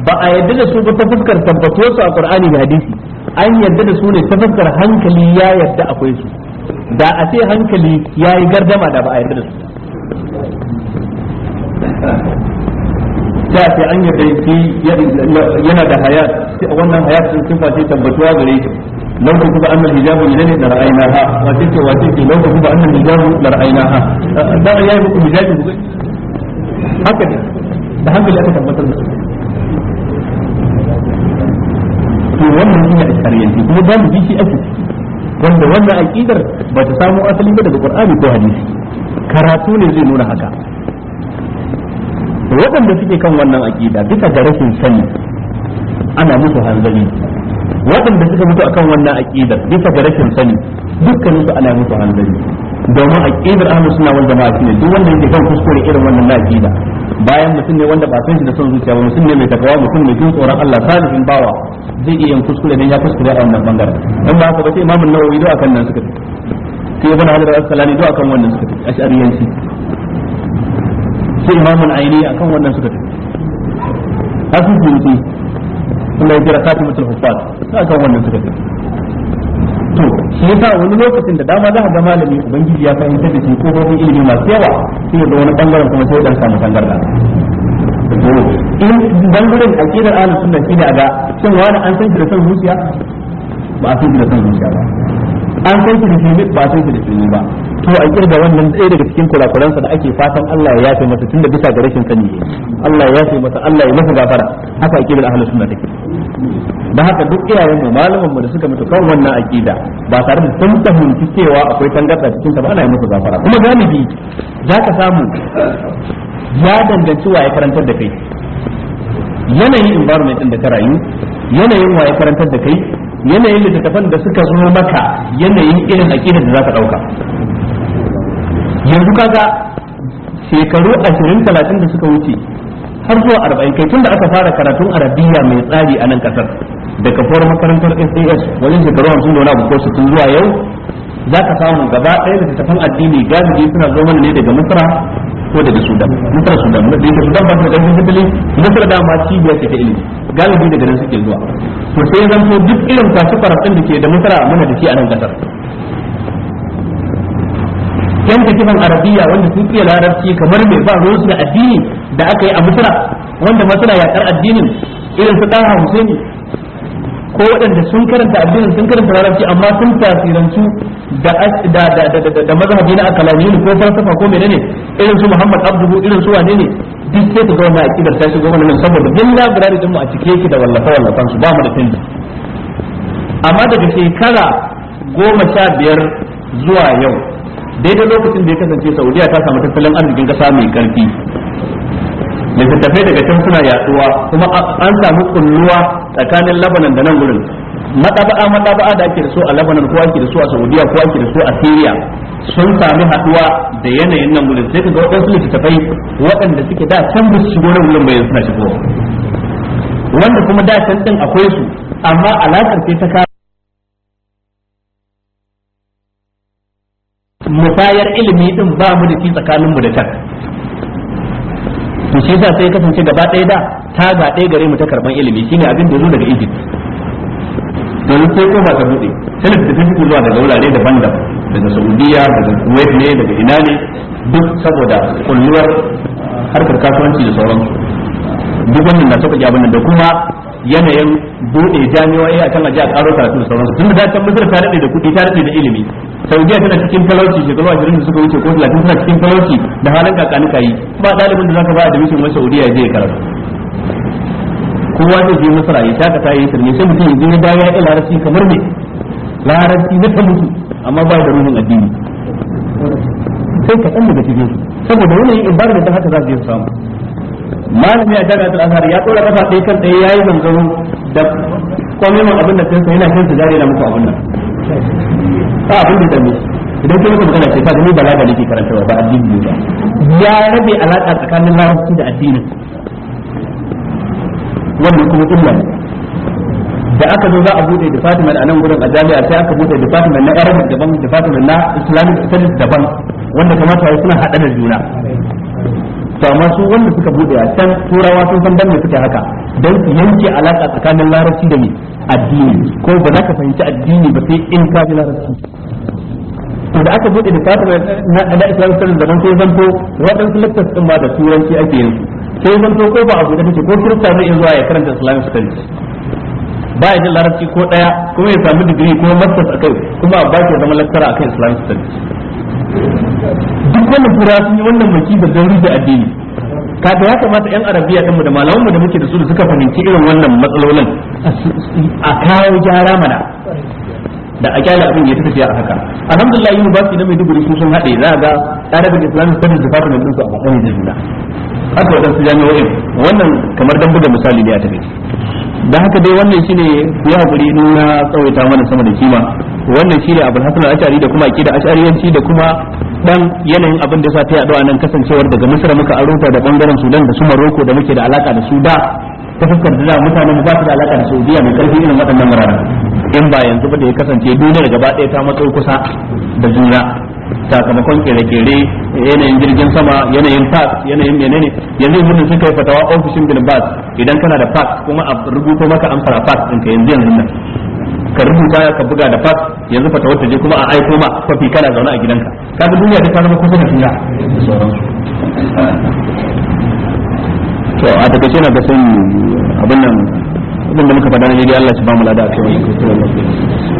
Speaker 1: ba a yadda da su ba ta fuskar tabbatuwar su a Qur'ani da hadisi an yadda da su ne ta fuskar hankali ya yadda akwai su da a ce hankali ya yi gardama da ba a yadda da su sai an yadda shi yana da hayat wannan hayat sun sifa ce tabbatuwa gare shi لو كتب أن الحجاب إليه لرأيناها da وتلك لو كتب أن الحجاب لرأيناها ده يا حجاب هكذا da hankali aka tabbatar da to wannan ne a shari'anci kuma ba mu bi shi ake wanda wannan aqidar ba ta samu asali ba daga Qur'ani ko hadisi karatu ne zai nuna haka waɗanda suke kan wannan aqida duka da rashin sani ana musu hanzari waɗanda suka mutu akan wannan aqidar duka da rashin sani dukkanin su ana musu hanzari domin aqidar ahlus sunna wal jama'a shine duk wanda yake kan kuskure irin wannan aqida bayan mutum ne wanda ba san shi da son zuciya ba mutum ne mai takawa mutum mai jin tsoron Allah salihin bawa zai iya yin kuskure dan ya kuskure a wannan bangaren dan ba haka ba sai imamu nawawi da akan nan suka sai ibn hajar al-asqalani da akan wannan suka ash'ariyanci sai imamu aini akan wannan suka hasu jinki kuma ya jira khatimatul huffaz akan wannan suka to sai ta wani lokacin da dama za a ga malami ubangiji ya fahimta da shi ko babban ilimi masu yawa sai ga wani bangaren kuma sai dan samu tangarda in bangaren aqidar ahlus sunna shine a ga shin wani an san shi da san zuciya ba a san shi da san zuciya ba an san shi da fili ba san shi da fili ba to a kirga wannan ɗaya daga cikin kurakuransa da ake fatan Allah ya yafe masa tunda bisa ga rashin sani Allah ya yafe masa Allah ya masa gafara haka akidar ahlus sunna take da haka duk iyayen mu malaman mu da suka mutu kan wannan aqida ba tare da sun fahimci cewa akwai tangarda cikin ta ba ana yi masa gafara kuma galibi zaka samu ya danganci wa ya karantar da kai yanayin environment din da ka rayu yanayin wa ya karantar da kai yanayin littattafan da suka zo maka yanayin irin aƙidar da za ka ɗauka yanzu kaga shekaru ashirin talatin da suka wuce har zuwa arba'in kai tun da aka fara karatun arabiya mai tsari a nan kasar Daga kafuwar makarantar sas wajen shekaru hamsin da wani abu ko sittin zuwa yau za ka samu gaba ɗaya littattafan addini galibi suna zo mana ne daga misra ko daga sudan nasar sudan da yake sudan ba da ƙarfin tattali da ma cibiya ce ta ilimi galibi daga nan suke zuwa to sai zan so duk irin kwasu farafin da ke da masara muna da shi a nan kasar yan takifan arabiya wanda sun iya larabci kamar mai ba ruwansu da addini da aka yi a masara wanda masara yaƙar addinin irin su ɗaha husaini ko waɗanda sun karanta addinin sun karanta larabci amma sun tasirantu da da da da mazhabi na akalaniyin ko falsafa ko menene irin su Muhammad Abdu irin su wane ne duk sai ka ga a akidar ta shigo nan saboda duk library din mu a cike yake da wallafa wallafan su ba mu da tinda amma daga shekara goma sha biyar zuwa yau daidai lokacin da ya kasance Saudiya ta samu tattalin arzikin kasa mai karfi littattafai daga can suna yaduwa kuma an samu kunnuwa tsakanin labanan da nan wurin madaba'a madaba'a da ake da su a labanan ko ake da su a saudiya ko ake da su a syria sun sami haduwa da yanayin nan wurin sai kaga waɗansu littattafai waɗanda suke da can ba su shigo nan gurin bayan suna shigo wanda kuma da can din akwai su amma alaƙar sai ta ka musayar ilimi din ba mu da shi mu da can to shi yasa sai kasance gaba ɗaya da ta ga ɗaya gare mu ta karɓan ilimi shine abin da zo daga Egypt domin sai ba ta buɗe sai da fito zuwa daga wurare daban-daban daga Saudiya daga Kuwait ne daga ina ne duk saboda kulluwar harkar kasuwanci da sauransu duk wannan na sauƙaƙe abin da kuma yanayin bude jami'o'i a kan a karo karatu da sauransu tun da ta Misir ta daɗe da kuɗi ta daɗe da ilimi Saudiya tana cikin talauci shekaru ashirin da suka wuce ko 30 tana cikin talauci da halin ka yi ba dalibin da zaka ba a mishin wai Saudiya ya je karatu kowa zai je Misir ya taka ta yi sirri sai mutum ya je ya dawo ya larabci kamar me larabci na ta mutu amma ba da ruhin addini sai ka ɗan daga cikin saboda wani in ba da haka za su je samu malami a jami'atul azhar ya tsora kafa ɗaya kan ɗaya ya yi zanzaro da komai abin da sai yana su sigari na muku abin nan ta abin da dame idan kuma muka magana ce ta ga balaga balaga ke karanta ba addini ba ya rabe alaka tsakanin larabci da addinin wannan kuma illa ne da aka zo za a bude department a nan gurin a jami'a sai aka bude department na arabic daban department na islamic studies daban wanda kamata ya suna hada da juna to amma su wanda suka bude a can turawa sun san dan suke haka dan su yanke alaka tsakanin larabci da ne addini ko ba za ka fahimci addini ba sai in ka ji larabci to da aka bude da fatima na islam sallallahu da wasallam sai zanto waɗansu lectures din ba da turanci ake yin sai to ko ba a bude take ko kirista zai zuwa ya karanta islamic ba ya jin larabci ko daya kuma ya samu digiri ko masters akai kuma ba baki ya zama lecturer akan islamic
Speaker 2: duk wannan fura sun yi wannan maki
Speaker 1: da don rufe addini kaga ya kamata yan arabiya ɗan mu da malaman mu da muke da su da suka fahimci irin wannan matsalolin a kawo gyara mana da a kyala abin ya ta tafiya a haka alhamdulillah su na Maiduguri sun sun haɗe za ga ɗalibin islamic studies department ɗinsu a matsayin da juna haka waɗansu jami'o'in wannan kamar dan buga misali ne a tafi da haka dai wannan shine ya haƙuri nuna tsawaita mana sama da kima wannan shine abul hasan ashari da kuma akida ashariyanci da kuma dan yanayin abin da sa ta yaɗo a nan kasancewar daga misra muka rufe da bangaren sudan da su maroko da muke da alaka da su da ta fuskar da mutanen mu ba su da alaka da saudiya mai karfi irin waɗannan wuraren in ba yanzu ba da ya kasance duniyar gaba ɗaya ta matso kusa da juna sakamakon kere-kere yanayin jirgin sama yanayin pass yanayin menene yanzu mutum sun kai fatawa ofishin bin bas idan kana da pass kuma a rubuto maka fara a fax ka yanzu yanzu nan ka rubuta ka buga da pass yanzu fatawar ta je kuma a aiko ma kwafi kana zaune a gidanka ga duniya ta zama kusa da juna to a takaice na ga sai abin nan abinda muka faɗa na daidai Allah shi ba mu lada a kai wani kuskure